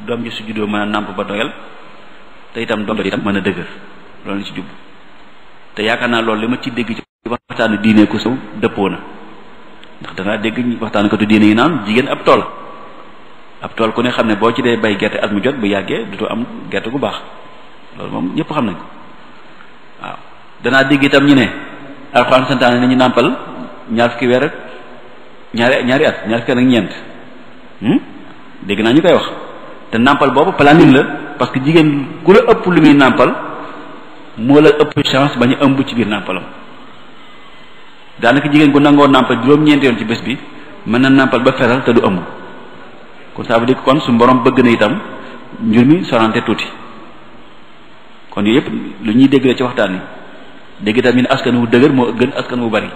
B: doom ji su juddoo mën a nàmp ba doyal te itam doom itam mën a dëgër loolu la ci jubbu te yaakaar naa loolu li ma ci dégg ci waxtaanu diine ko sow dëppoo na ndax danaa dégg waxtaan katu diine yi naan jigéen ab tool ab tool ku ne xam ne boo ci dee bay gerte at mu jot bu yàggee dutu am gerte gu baax loolu moom ñëpp xam nañ ko waaw danaa dégg itam ñu ne alxuraan santaane nañu nàmpal ñaar fukki weer ak ñaari ñaari at ñaar fukki at ak ñeent hmm dégg naa ñu koy wax te nàmpal boobu planning la parce que jigéen ku la ëpp lu muy nàmpal moo la ëpp chance ba ñu ëmb ci biir nàmpalam daanaka jigéen gu nangoo nàmpal juróom-ñeenti yoon ci bés bi mën na nàmpal ba feral te du ëmb kon ça veut dire kon su borom bëgg na itam mbir mi sorante tuuti kon yooyu yëpp lu ñuy dégg la ci waxtaan yi dégg itam ñu ne askan wu dëgër moo gën askan wu bari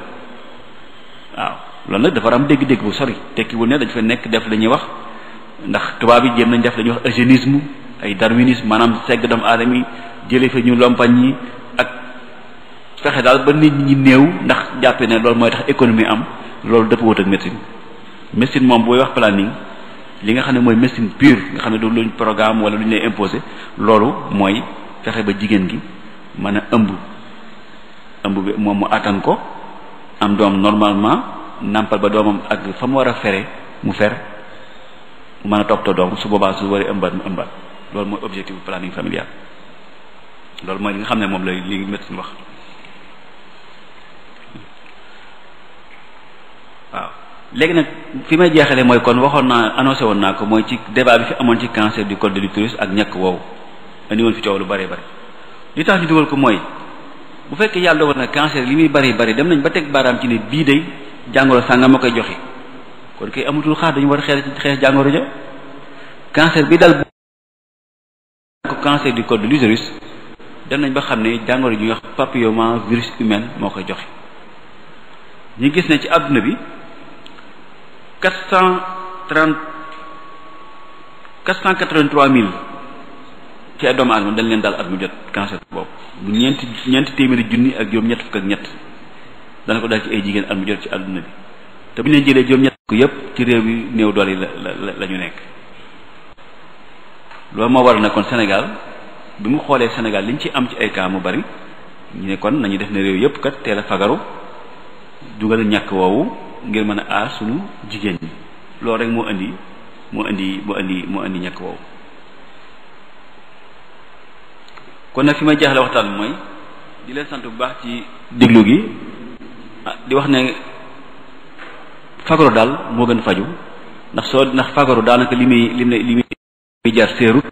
B: waaw loolu nag dafa am dégg-dégg bu sori tekkiwul ne dañ fa nekk def lañuy wax ndax tubaab yi jéem nañ def lañuy ñuy wax eugénisme ay darwinisme maanaam segg doomu aadama yi jëlee fa ñu lompañ fexe daal ba nit ñi néew ndax jàppe ne loolu mooy tax économie am loolu dafa wut ak médecine médecine moom booy wax planning li nga xam ne mooy médecine pure nga xam ne du luñ programme wala lu ñu lay imposé loolu mooy fexe ba jigéen gi mën a ëmb ëmb bi moom mu attan ko am doom normalement nàmpal ba doomam ak fa mu war a fere mu fer mu mën a toppatoo doom su boobaa su waree ëmbat mu ëmbat loolu mooy objectif planning familial loolu mooy li nga xam ne moom lay li médecine wax waaw léegi nag fi may jeexalee mooy kon waxoon naa annoncé woon naa ko mooy ci débat bi fi amoon ci cancer du col de l'utérus ak ñàkk woowu andi woon fi coow lu bëree bëri li tax ñu dugal ko mooy bu fekkee yàlla dogal na cancer li muy bëri bëri dem nañ ba teg baaraam ci ne bii day jàngoro sàngam ma koy joxe kon kay amatul xaar dañu war a xeex xeex jàngoro ja cancer bi dal ko cancer du col de l'utérus dem nañ ba xam ne jàngoro ju ñuy wax papilloma virus humain moo koy joxe ñu gis ne ci àdduna bi quatre cent trente quatre cent quatre-vingt-trois mille ci ay doomu aadama dañ leen daal at mu jot cancer boobu bu ñeenti ñeenti téeméeri junni ak juróom ñett fukk ak ñett dana ko daal ci ay jigéen at mu ci àdduna bi te bu ñu leen jëlee juróom ñett fukk yépp ci réew yi néew doole yi la lañu nekk loolu moo war na kon Sénégal bi mu xoolee Sénégal liñ ci am ci ay cas mu bari ñu ne kon nañu def ne réew yépp kat teel a fagaru dugal ñakk woowu ngir mën a aar sunu jigéen ñi loolu rek moo indi moo indi moo indi moo indi ñàkk woowu kon nag fi may jeexale waxtaan mooy di leen sant bu baax ci déglu gi ah, di wax ne fagaru daal moo gën faju ndax soo ndax fagaru daanaka li muy li muy li muy jar seerut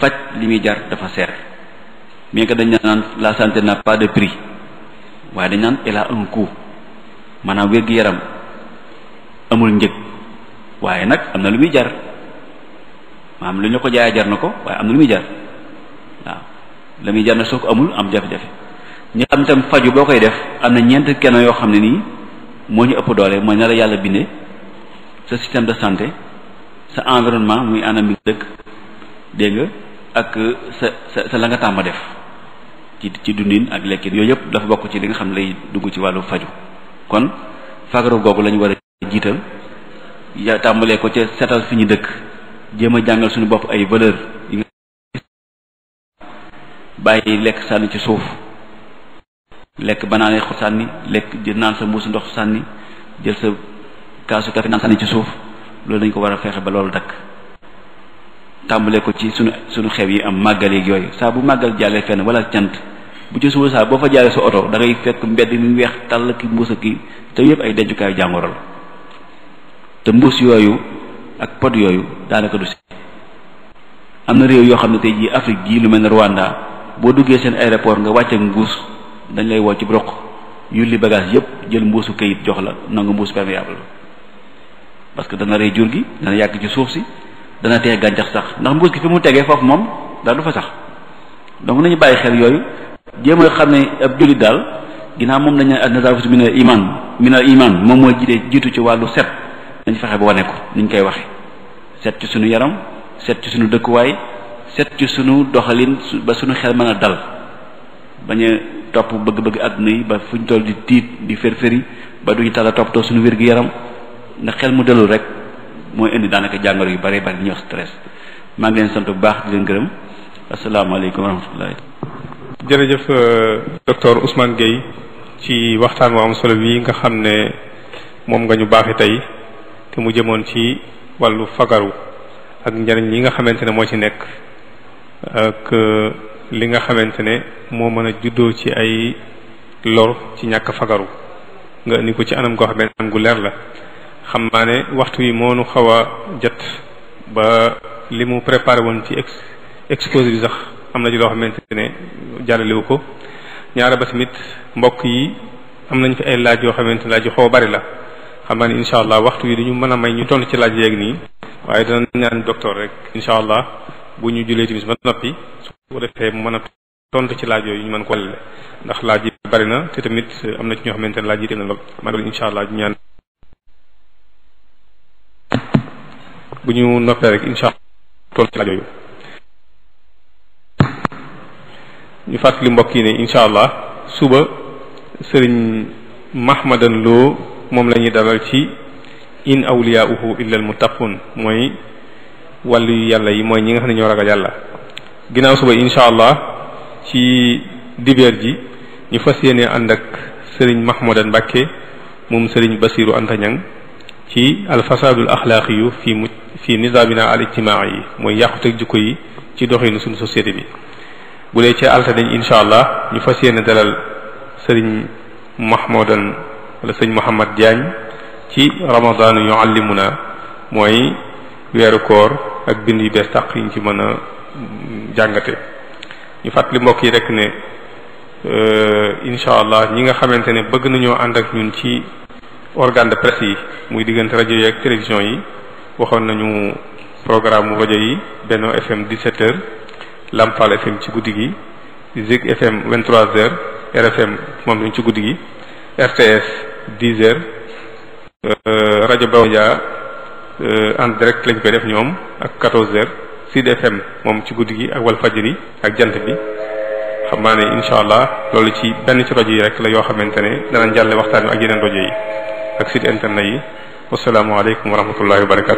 B: faj li muy jar dafa seer bien que dañ naan la sante n'a pas de prix waaye dañ naan elle un coût maanaam wér-gu-yaram amul njëg waaye nag am na lu muy jar maanaam lu ñu ko jaay jar na ko waaye am na lu muy jar waaw la muy jar na soo ko amul am jafe-jafe ñu xam itam faju boo koy def am na ñeent kenn yoo xam ne nii moo ñu ëpp doole mooy na la yàlla bindee sa système de santé sa environnement muy anam bi dëkk dégg nga ak sa sa sa la nga tàmm def ci ci dundin ak lekkin yooyu yëpp dafa bokk ci li nga xam ne lay dugg ci wàllu faju kon fagaru googu lañu war a jiital ya tàmbalee ko ca setal fi ñu dëkk jéem a jàngal suñu bopp ay valeur yi bàyyi lekk sànni ci suuf lekk banaane xo sànni lekk jël naan sa mbuusu ndox sànni jël sa kaasu café naan sànni ci suuf loolu dañ ko war a fexe ba loolu dakk tàmbalee ko ci suñu suñu xew yi am màggal yeeg yooyu saa bu màggal jàllee fenn wala cant bu ci suba saa boo fa jaaree sa oto da ngay fekk mbedd mi weex tàll ki mbuus ki te yëpp ay dencukaayu jàngoro la te mbuus yooyu ak pot yooyu daanaka du si am na réew yoo xam ne tey jii Afrique gii lu mel na Rwanda boo duggee seen aéroport nga wàcc ak mbuus dañ lay woo ci broq yulli bagage yëpp jël mbuusu kayit jox la nangu mbuus perméable parce que dana rey jur gi dana yàgg ci suuf si dana tee gàncax sax ndax mbuus gi fi mu tegee foofu moom dara du fa sax donc bàyyi xel yooyu jéem a xam ne ab jullit daal ginnaaw moom dañu ne nazaafatu min al iman min al iman moom mooy jiite jiitu ci wàllu set nañ fexe ba wane ko niñ koy waxe set ci suñu yaram set ci suñu dëkkuwaay set ci suñu doxalin ba suñu xel mën a dal bañ a topp bëgg-bëgg àdduna yi ba fuñ toll di tiit di fër-fëri ba duñu tala toppatoo suñu wér gi yaram ndax xel mu dalul rek mooy indi daanaka jàngoro yu bare bari ñuy wax stress maa ngi leen sant bu baax di gërëm
A: asalaamaaleykum wa jërëjëf euh, docteur Ousmane Gueye ci waxtaan wu am solo bii nga xam ne moom nga ñu baaxi tey te mu jëmoon ci wàllu fagaru ak njariñ yi nga xamante ne moo ci nekk euh, li nga xamante ne moo mën a juddoo ci ay lor ci ñàkk fagaru nga indi ko ci anam goo xam ne anam gu leer la xam naa ne waxtu yi moo nu xaw a jot ba li mu préparé woon ci ex bi sax am na ci loo xamante ne jàllalewu ko ñaara ba tamit mbokk yi am nañ fi ay laaj yoo xamante ne laaj yu xaw bari la xam na ni incha allah waxtu yi dañu mën a may ñu tontu ci laaj yeeg nii waaye dana ñaan rek incha allah ñu julee timis ba noppi su ko a tontu ci laaj yooyu ñu mën ko wàllale ndax laaj yi bari na te tamit am na ci ñoo xamante ne laaj yi tamit na lool ma loolu allah ñu bu ñu noppee rek incha allah tontu ci laaj ñu fàttali mbokk yi ne incha allah suba sëriñ mahmadan loo moom la ñuy dalal ci in awliyaa'uhu mu almuttaqun mooy wàllu yu yàlla yi mooy ñi nga xam ne ñoo ragal yàlla ginnaaw suba incha allah ci dibeer ji ñu fas yéene ànd ak sëriñ mahmadan mbàkke moom sëriñ basiru antañang ci al alfasaadul axlaaqi yu fi mu fi nizaamina al ijtimaai yi mooy yàquteg jukko yi ci doxinu suñu société bi bu dee ca altaniñ incha allah ñu fa yéene dalal sëriñ mahmoudan wala sëñ Mouhamad Diagne ci ramadaan yuallimuna mooy weeru koor ak bind yu bees tàq yi ñu ci mën a jàngate ñu fàttali mbokk yi rek ne euh, incha allah ñi nga xamante ne bëgg nañoo ànd ak ñun ci organe de presse yi muy diggante rajo yi ak télévision yi waxoon nañu programme rajo yi Benno FM di h Lampal FM ci guddi gi Zig FM 23h RFM moom lañ ci guddi gi RTS 10 rajo Baodia en direct lañ koy def ñoom ak 14h Sud FM moom ci guddi gi ak Walfajri ak jant bi xam naa ne incha allah loolu ci benn ci rajo yi rek la yoo xamante ne dana jàlle waxtaan wi ak yeneen rajo yi ak site internet yi wasalaamualeykum wa rahmatullahi wa barakatu